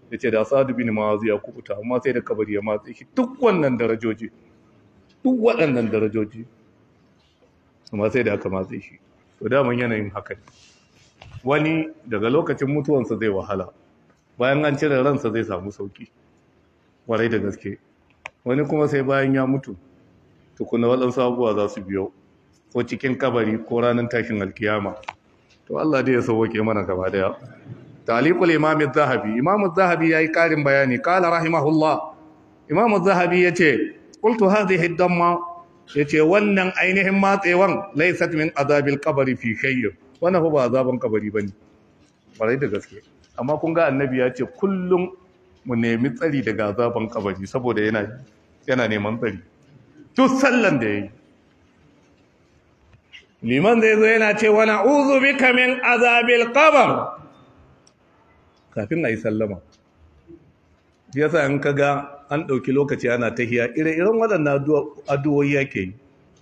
yace da sa'd bin mu'az ya kubuta amma sai da kabari ya matse duk wannan waɗannan darajoji amma sai da aka matse shi to daman yanayin haka ne wani daga lokacin mutuwansa zai wahala bayan an cire ransa zai samu sauki warai da gaske wani kuma sai bayan ya mutu tukuna waɗansu abubuwa za su biyo ko cikin kabari ko ranar tashin alkiyama to Allah dai ya sauke mana gaba daya talikul imam zahabi imam Zahabi zahabi yi ƙarin bayani kala rahimahullah imam az-zahabi ce, qultu hadhihi ad-damma yace wannan ainihin matsewan laisat min azabil kabari fi shay'in wannan ba azaban kabari ba ne barai da gaske amma kun ga annabi ya ce kullum mu nemi tsari daga azaban kabari saboda yana neman tsari Tun sallan da ya yi. liman zai zo yana ce wani uzu bi min azabil kabar. kafin a yi sallama yasa in kaga an ɗauki lokaci ana tahiya ire-iren waɗannan addu'o'i yake yi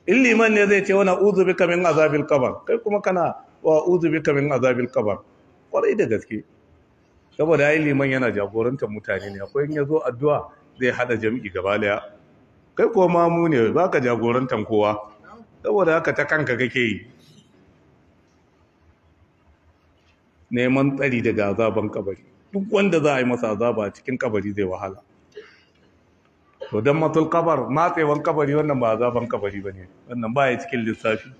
in liman ne zai ce wani uzu bi kamin azabil kabar kai kuma kana wa uzu bi kamin azabil kabar kwarai da gaske saboda yi liman yana jagorantar mutane ne akwai in ya zo addu'a zai haɗa jam'i gaba daya kai ko mamu ne ba ka jagorantar kowa saboda haka ta kanka kake yi neman tsari daga azaban kabari duk wanda za a yi masa azaba cikin kabari zai wahala to dan matul kabar matsewan kabari wannan ba azaban kabari ba ne. wannan baya cikin lissafi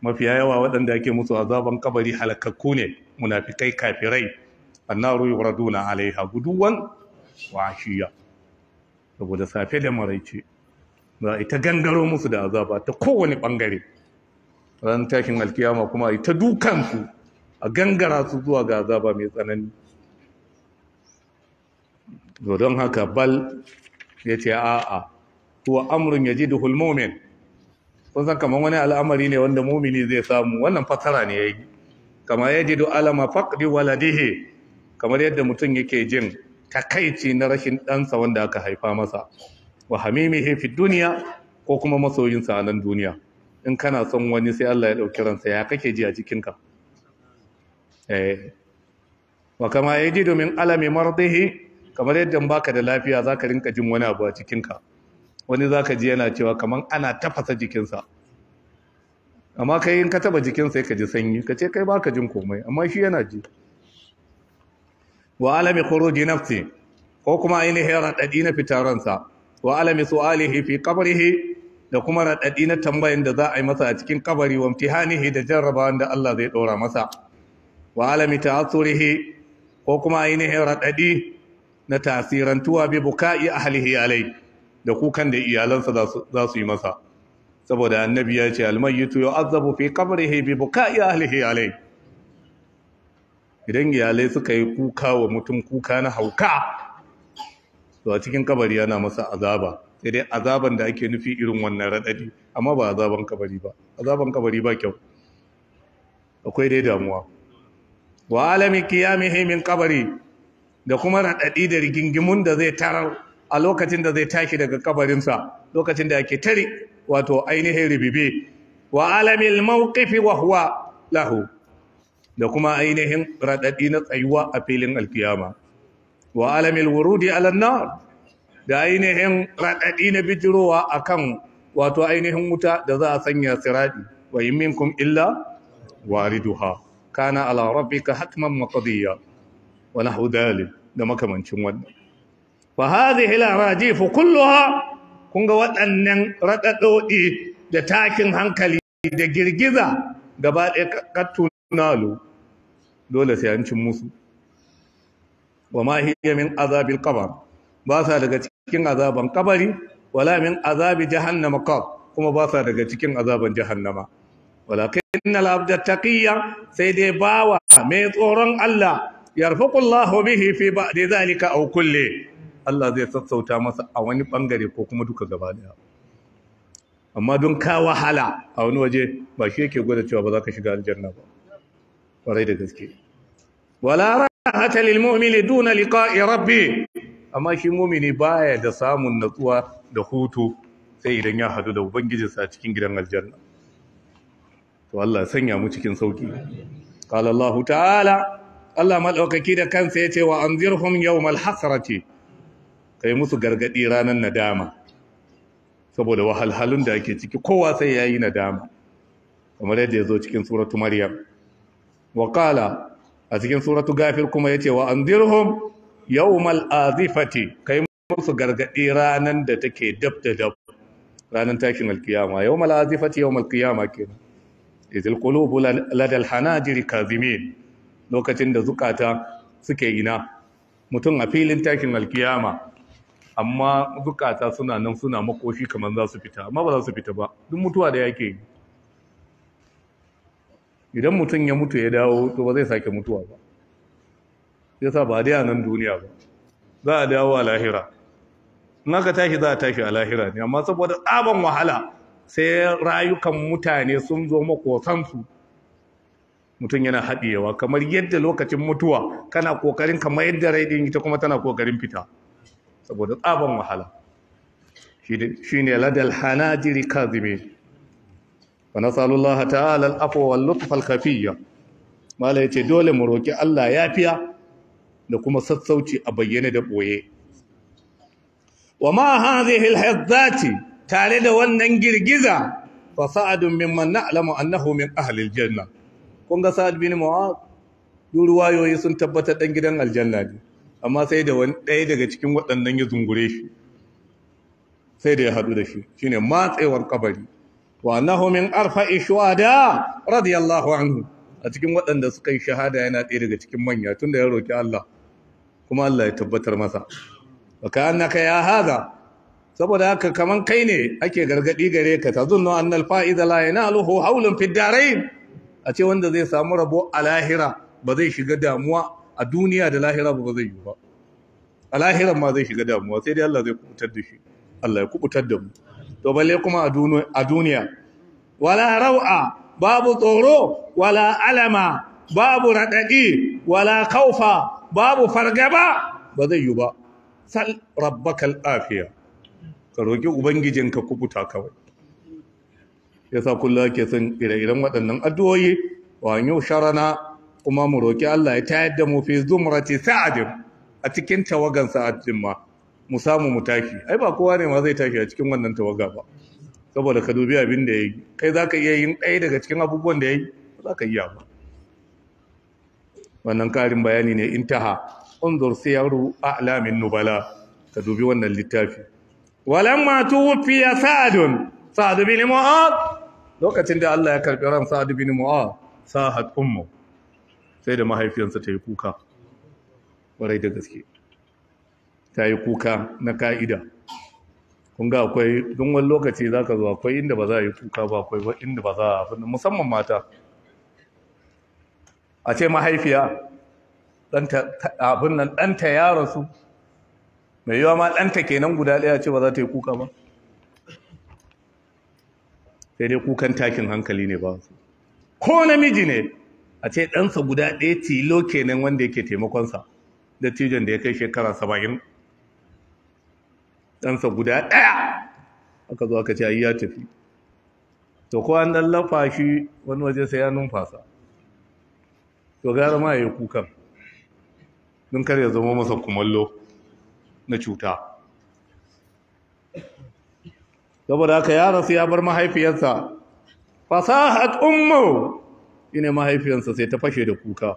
mafiya yawa waɗanda ake musu azaban kabari halakakku ne munafikai kafirai annaru yuraduna alaiha guduwan wa ashiya saboda safe da maraice za ita gangaro musu da azaba ta kowane bangare ran tashin alkiyama kuma ita dukansu a gangara su zuwa ga azaba mai tsanani don haka bal ya ce a'a ya ji yajiduhu almu'min sun san kamar wani al'amari ne wanda mumini zai samu wannan fasara ne ya yi. kamar yajidu alama faqdi waladihi kamar yadda mutum yake jin takaici na rashin ɗansa wanda aka haifa masa wa hamimi hefi duniya ko kuma masoyinsa a nan duniya in kana son wani sai Allah ya ɗauki ransa ya kake ji a cikinka? Eh. wa kama ji domin alami mardihi kamar yadda ba ka da lafiya za ka rinka jin wani abu a cikinka wani za ka ji yana cewa kamar ana tafasa jikinsa amma kai in ka jikinsa ya ka ji sanyi ka ce kai ba ka jin komai amma shi yana ji wa alami khuruji nafsi ko kuma ainihin radadi na fitaransa wa alami alihi fi kabarihi da kuma radadi na tambayin da za a yi masa a cikin kabari wa imtihanihi da jarrabawan da Allah zai ɗora masa wa alami ta'assurihi ko kuma ainihin radadi na tasirantuwa bi buka'i ahlihi alai da kukan da iyalansa za su yi masa saboda annabi ya ce almayyitu yu'azzabu fi qabrihi bi buka'i ahlihi alai idan iyalai suka yi kuka wa mutum kuka na hauka to a cikin kabari yana masa azaba sai dai azaban da ake nufi irin wannan radadi amma ba azaban kabari ba azaban kabari ba kyau akwai dai damuwa wa alami qiyamihi min qabri da kuma raɗaɗi da rigingimun da zai tarar a lokacin da zai tashi daga kabarinsa lokacin da yake tare wato ainihin ribibe wa alamil mawqifi wa huwa lahu da kuma ainihin raɗaɗi na tsayuwa a filin alkiyama wa alamil wurudi alanna. da ainihin raɗaɗi na bijirowa kan wato ainihin wuta da za a sanya siradi wa yin minkum illa wariduha kana ala rabbika hatman maqdiya wa nahwu dalil da makamancin wannan fa hadhihi al kullu kulluha kun ga waɗannan raɗaɗoɗi da takin hankali da girgiza gaba ɗaya kattunalu dole sai musu wa ma hiya min azabil qabr ba sa daga cikin azaban kabari wala min azabi jahannama qab kuma ba sa daga cikin azaban jahannama walakin al-abda taqiyya sai dai bawa mai tsoron Allah yarfaqullahu bihi fi ba'di zalika aw kulli Allah zai sassauta masa a wani bangare ko kuma duka gaba daya amma don ka wahala a wani waje ba shi yake gwada cewa ba za ka shiga aljanna ba kwarai da gaske wala rahata lil mu'mini duna liqa'i rabbi amma shi mu'mini baya da samun natsuwa da hutu sai idan ya hadu da ubangijinsa a cikin gidan aljanna to Allah sanya mu cikin sauki Kalallahu Allah ta'ala Allah maɗaukaki da kansa ya ce wa an zirhun yau malhasarati ka yi musu gargaɗi ranar nadama saboda wahalhalun da ake ciki kowa sai ya yi nadama kamar yadda ya zo cikin suratu maryam wakala a cikin suratu gafir kuma ya ce wa an zirhun yau mal'azifati ka yi musu gargaɗi ranar da take dab da dab ranar tashin alkiyama yau mal'azifati yau malkiyama kenan idil qulubu ladal hanajiri kazimin lokacin da zukata suke ina mutum a filin takin alkiyama amma zukata suna nan suna makoshi kamar za su fita amma ba za su fita ba duk mutuwa da yake yi idan mutum ya mutu ya dawo to ba zai sake mutuwa ba ya sa ba dai nan duniya ba za a dawo a lahira in aka tashi za a tashi a lahira ne amma saboda tsaban wahala sai rayukan mutane sun zo makosansu mutum yana haɗiyewa kamar yadda lokacin mutuwa kana kokarin kamar yadda rai din ita kuma tana kokarin fita saboda tsaban wahala shi ne ladal hanajiri kazimi wa nasalullah ta'ala al-afwa wal lutf al-khafiyya mala yace dole mu roki Allah yafiya da kuma sassauci a bayyane da boye wa ma hadhihi al tare da wannan girgiza fa sa'adun mimman na'lamu annahu min ahli al-janna kun ga sa'ad bin mu'ad Duru wayoyi sun tabbata dan gidan aljanna ne amma sai da wani ɗaya daga cikin waɗannan ya zungure shi sai da ya haɗu da shi shine matsewar kabari wa annahu min arfa'i shuhada radiyallahu anhu a cikin waɗanda suka yi shahada yana ɗaya daga cikin manya tunda ya roki Allah kuma Allah ya tabbatar masa wa ka annaka ya hada saboda haka kaman kai ne ake gargadi gare ka tazunnu annal faiza la yanaluhu hawlun fid darain a ce wanda zai samu rabo a lahira ba zai shiga damuwa a duniya da lahira ba zai yi ba a lahiran ma zai shiga damuwa sai dai Allah zai kubutar da shi Allah ya kubutar da mu to balle kuma a duniya wala rau'a babu tsoro wala alama babu radadi? wala kaufa babu fargaba ba zai yi ba sal rabbakal afiya ka roki ubangijinka kubuta kawai yasa kullum ke son ire-iren waɗannan addu'o'i wa yau sharana kuma mu roki Allah ya tayar da mu fi zumrati sa'adin a cikin tawagan sa'adin ma mu samu mu tashi ai ba kowa ne ma zai tashi a cikin wannan tawaga ba saboda ka dubi abin da ya yi. kai za ka iya yin ɗaya daga cikin abubuwan da yayi ba ka iya ba wannan karin bayani ne intaha unzur siyaru a'lamin nubala ka dubi wannan littafi walamma tuwfiya sa'adun sa'ad bin mu'adh lokacin da Allah ya karɓi ran Sa'ad bin Mu'adh sahat ummu sai da mahaifiyarsa ta yi kuka warai da gaske ta yi kuka na ka'ida kun ga akwai don wani lokaci za ka zo akwai inda ba za a yi kuka ba akwai inda ba za a hafi musamman mata a ce mahaifiya abin nan ɗanta ya rasu mai yiwa ma ɗanta kenan guda ɗaya ce ba za ta yi kuka ba sai dai kukan takin hankali ne ba su ko namiji ne a ce ɗansa guda ɗaya tilo kenan wanda yake taimakonsa dattijon da ya kai shekara saba'in ɗansa guda ɗaya aka zo aka ce ya tafi to ko an ɗan lafa shi wani waje sai ya numfasa to gara ma ya yi kukan don kar ya zama masa kumallo na cuta saboda haka ya rasu ya bar mahaifiyarsa fasahat ummu ine mahaifiyarsa sai ta fashe da kuka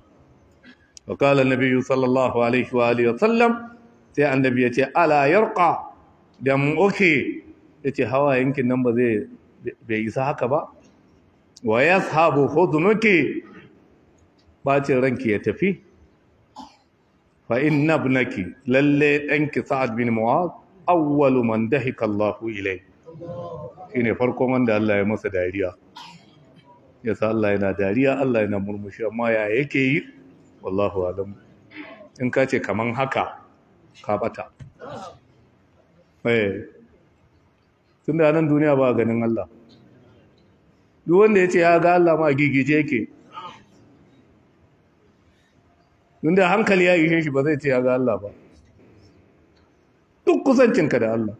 wa qala an sallallahu alaihi wa alihi wa sai annabi yace ce ala yarqa oke yace hawayenkin nan ba zai bai isa haka ba wa yashabu hudnuki Bace ranki ya tafi fa inna ibnaki lalle danki sa'ad bin mu'adh awwalu man dahika ilayhi shi ne farkon wanda Allah ya masa dariya ya sa Allah yana dariya Allah yana murmushi amma ya yake yi wallahu alam in ka ce kaman haka ka bata eh tun da nan duniya ba ganin Allah duk wanda ya ce ya ga Allah ma gigije yake tunda hankali ya yi shi ba zai ce ya ga Allah ba duk kusancinka da Allah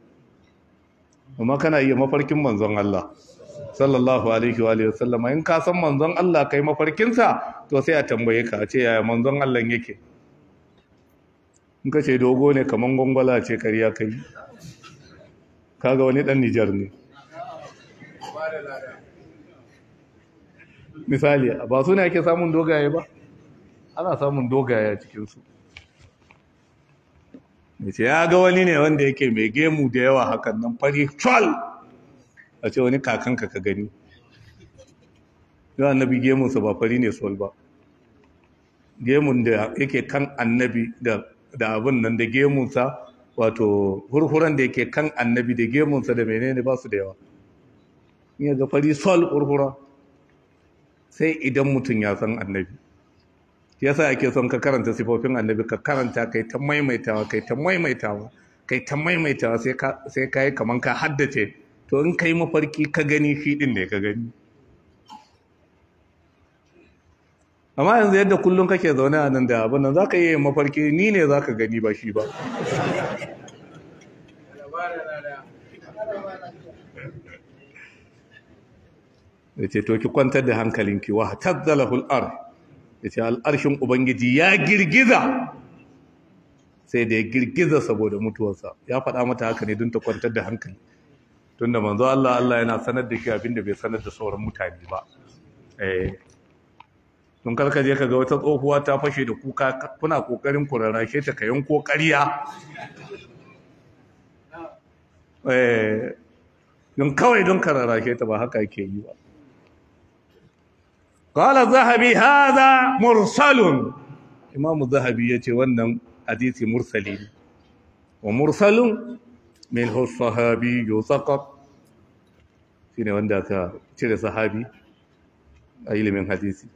amma kana iya mafarkin manzon Allah sallallahu alaihi wa alihi wasallam in ka san manzon Allah kai mafarkinsa to sai a tambaye ka a ce yaya manzon Allah yake in ka ce dogo ne kaman gongola ce kariya kai kaga wani dan Nijar ne misali ba su ne ake samun dogaye ba ana samun dogaye a cikinsu ce ya ga wani ne wanda yake mai gemu da yawa hakan nan fari fal a ce wani kakanka ka gani yau annabi gemunsa ba fari ne sol ba gemun da yake kan annabi da abin nan da gemunsa wato hurhuran da yake kan annabi da gemunsa da menene ba su da yawa ya ga fari sol hurhura sai idan mutum ya san annabi shi yasa ake son ka karanta sifofin annabi ka karanta kai ta maimaitawa kai ta maimaitawa kai ta maimaitawa sai ka yi kaman ka haddace to in ka yi mafarki ka gani shi din ne ka gani amma yanzu yadda kullum kake zaune a nan da abin nan za ka yi mafarki ni ne za ka gani ba shi ba da ce to ki kwantar da hankalinki wa tazzalahul ar ya ce al'arshin ubangiji ya girgiza sai da ya girgiza saboda mutuwarsa ya faɗa mata haka ne don ta kwantar da hankali tun da manzo Allah Allah yana sanar da shi abinda bai sanar da sauran mutane ba eh tun karka je ka ga wata tsohuwa ta fashe da kuka kuna kokarin kurarashe ta kayan kokariya eh don kawai don kararrake ta ba haka ke yi ba qala zahabi hadha mursalun imam zahabi yace wannan hadisi mursali ne wa mursalun min sahabi yusaqat shine wanda ka cire sahabi a ilimin hadisi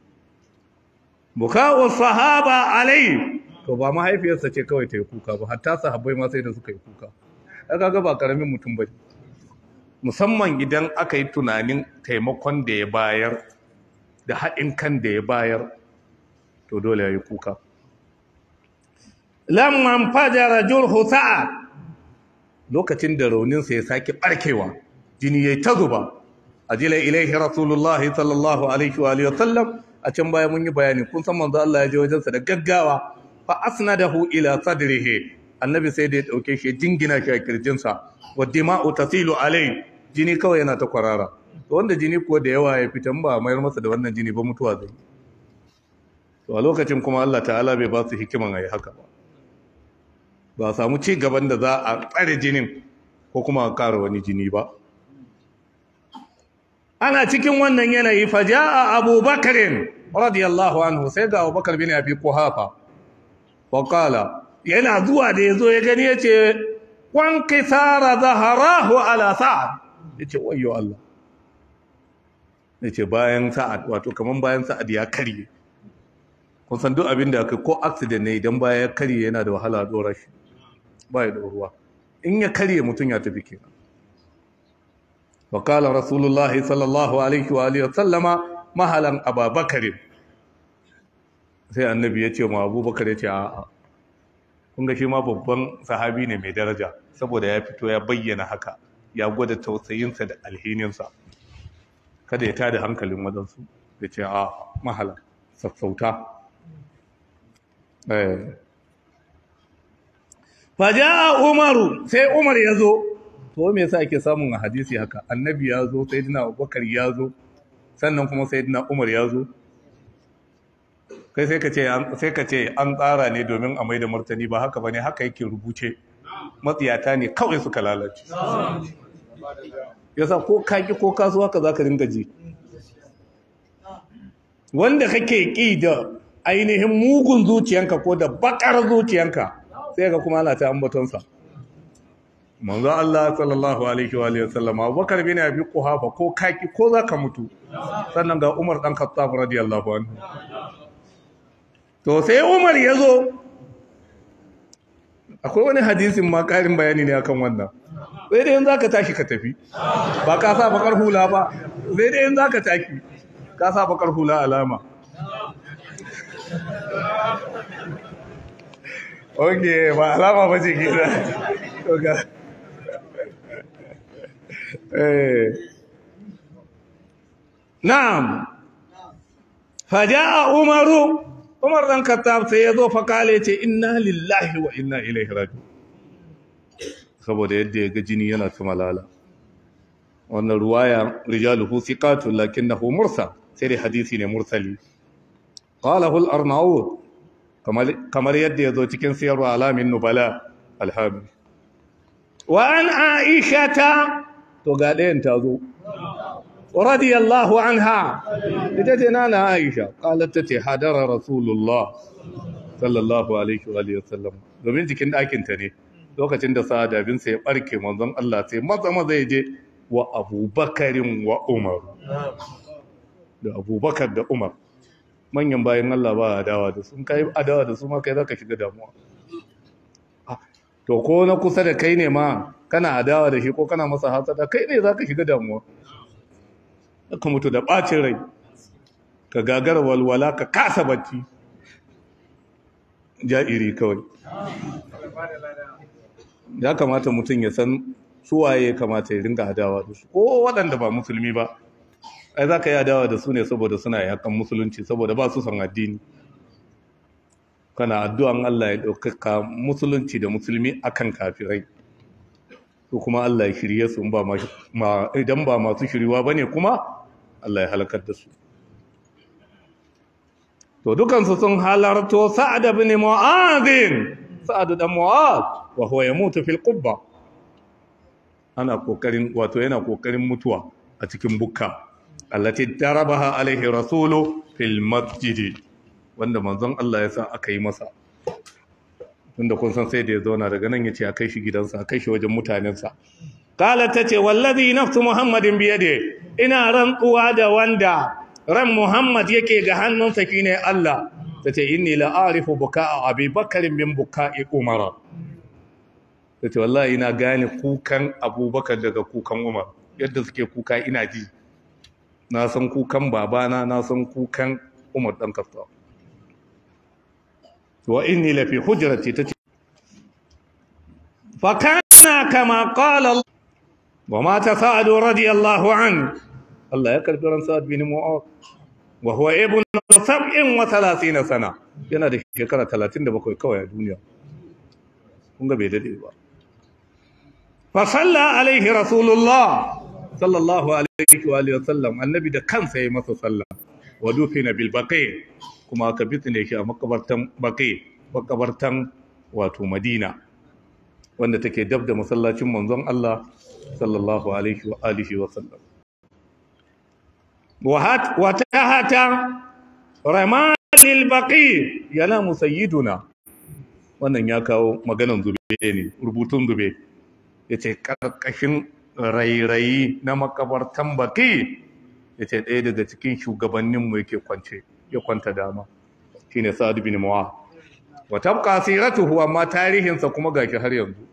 buka'u sahaba alai to ba mahaifiyarsa ce kawai ta yi kuka ba hatta sahabbai ma sai da suka yi kuka aka ga ba karamin mutum bane musamman idan aka yi tunanin taimakon da ya bayar da haɗin kan da ya bayar to dole ya yi kuka lamman fajara jurhu sa'a lokacin da rauninsa ya sake ɓarkewa jini ya yi ta zuba A ajila ilaihi rasulullahi sallallahu alaihi wa sallam a can baya mun yi bayani kun san manzo Allah ya je wajensa da gaggawa fa asnadahu ila sadrihi annabi sai da ya dauke shi jingina shi a kirjinsa wa dima'u tasilu alai jini kawai yana ta kwarara to wanda jini ko da yawa ya fitan ba a mayar masa da wannan jini ba mutuwa zai to a lokacin kuma Allah ta'ala bai ba su hikiman yi haka ba ba a samu ci gaban da za a tsare jinin ko kuma a ƙara wani jini ba ana cikin wannan yanayi faja'a abubakarin radiyallahu anhu sai ga abubakar bin fi kuhafa yana zuwa da yazo ya gani ya yace wan kisara zaharahu ala sa'ad yace wayo Allah Yace ce bayan sa'ad wato kamar bayan sa'ad ya karye kun san duk abin da ko accident ne idan baya ya karye yana da wahala dora shi ba ya ruwa in ya karye mutum ya tafi kenan Wakala qala rasulullahi sallallahu alaihi wa alihi sallama mahalan ababakar sai annabi ya ce ma abubakar ya ce a'a kun ga shi ma babban sahabi ne mai daraja saboda ya fito ya bayyana haka ya gwada tausayinsa da alhininsa kada ya tada hankalin wadansu da ce a ah, mahala sassauta eh. a umaru sai umar ya zo to me yasa ake samun a hadisi haka annabi ya zo dina abubakar ya zo sannan kuma dina umar ya zo kai sai ka ce an tsara ne domin a maida martani ba haka bane haka yake rubuce matsiyata ne kawai suka lalace yasa ko kaki ko kasuwa ka za ka ringa ji wanda kake ƙi da ainihin mugun zuciyanka ko da bakar zuciyanka sai ga kuma ana ta ambatonsa manzo Allah sallallahu alaihi wa alihi wasallam Abubakar bin Abi Quhafa ko kaki ko za ka mutu sannan ga Umar dan Khattab radiyallahu anhu to sai Umar yazo akwai wani hadisin ma karin bayani ne akan wannan Zai da in za ka tashi ka tafi ba ka sa bakar hula ba sai dai in za ka tashi ka sa bakar hula alama ok ba alama ba ce gina eh. na'am faja'a umaru umar ɗan kattab sai ya zo fakale ce inna lillahi wa inna ilaihi raji'un saboda yadda ya ga jini yana ta malala wannan ruwaya rijaluhu thiqatun lakinnahu mursal sai dai hadisi ne mursali qalahu al-arnaud kamar yadda yazo cikin siyarwa alamin nubala alhamid wa an aishata to ga ɗayan ta zo radiyallahu anha ita ce nana aisha qalat ta ce hadara rasulullah sallallahu alaihi wa sallam domin cikin ɗakin ta ne lokacin da bin ya barke manzon Allah sai maza maza ya je wa abubakarin wa umar da abubakar da umar manyan bayan Allah ba adawa da sun kai adawa da su ma kai ka shiga damuwa ah, to ko na kusa da kai ne ma kana adawa da shi ko kana masa hasada kai ne za ka shiga damuwa ka mutu da bacin rai ka gagar walwala ka kasa bacci ja'iri kawai ya kamata mutum ya san suwaye ya kamata ya ringa hadawa da su ko waɗanda ba musulmi ba ai za ka yi hadawa da su ne saboda suna yakan musulunci saboda ba su san addini kana addu'an Allah ya ɗaukaka musulunci da musulmi akan kafirai su kuma Allah ya shirye su idan ba masu shiriwa ba ne kuma Allah ya halakar da su to dukansu sun halarto sa'ad bin mu'adhin sa'ad da mu'az wa huwa yamutu fil qubba ana kokarin wato yana kokarin mutuwa a cikin bukka allati darabaha alaihi rasulu fil masjidi wanda manzon Allah ya sa aka yi masa tunda kun san sai da ya zauna daga nan ya ce a kai shi gidansa a kai shi wajen mutanensa kala ta ce wallazi nafsu muhammadin biyade ina rantsuwa da wanda ran muhammad yake ga hannunsa shine Allah ta ce inni la'arifu buka'a a bakarin min buka'i umara ta ce wallahi ina gane kukan abubakar daga kukan umar yadda suke kuka ina ji na san kukan babana na san kukan umar ɗan kasuwa wa inni lafi hujjarci ta ce fakana kama ƙala wa mata sa'adu radiyallahu an Allah ya karfi ran sa'ad bin mu'awar wa huwa ibn sab'in wa thalathin sana yana da shekara 37 kawai a duniya kun ga bai dade ba fa salla alaihi rasulullah sallallahu alaihi wa alihi wasallam annabi da kansa yayi masa sallah wa dufina bil baqi kuma aka bitne shi a makabartan baqi makabartan wato madina wanda take dab da masallacin manzon Allah sallallahu alaihi wa alihi wasallam وتحت رمال البقي ينام سيدنا wannan ya kawo maganan zube ne rubutun zube ya ce ƙarƙashin rairayi na makabartan baki ya ce ɗaya daga cikin shugabanninmu yake kwance ya kwanta dama shi ne sa'adu bin mawa wa tabqa siratuhu amma tarihinsa kuma gashi har yanzu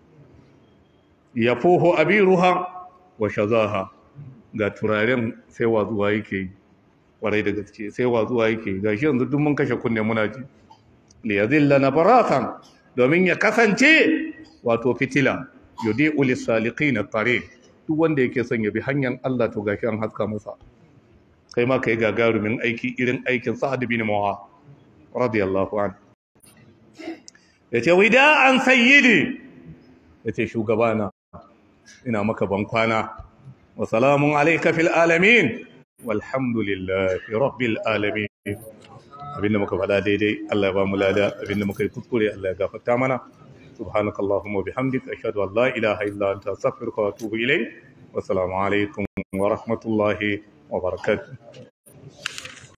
Ya yafuhu abiruha wa shazaha ga turaren sai wazuwa yake yi kwarai da gaske sai wazuwa yake yi gashi yanzu kashe kunne muna ji zilla na barakan domin ya kasance wato fitila uli ulisaliki na tare duk wanda yake son ya bi hanyar Allah to gashi an haska masa kai ma ka yi gagarumin aiki irin aikin sa'adu bin mawa radiyallahu an. Ya anhu yace wida'an sayyidi shugaba shugabana ina maka bankwana وسلام عليك في العالمين والحمد لله رب abin da muka faɗa daidai Allah ya ba mu lada abinda muka yi kuskure Allah ya gafarta mana subhanaka allahumma bihamdika ashhadu an la ilaha illa anta astaghfiruka wa atubu wa assalamu alaikum wa rahmatullahi wa barakatuh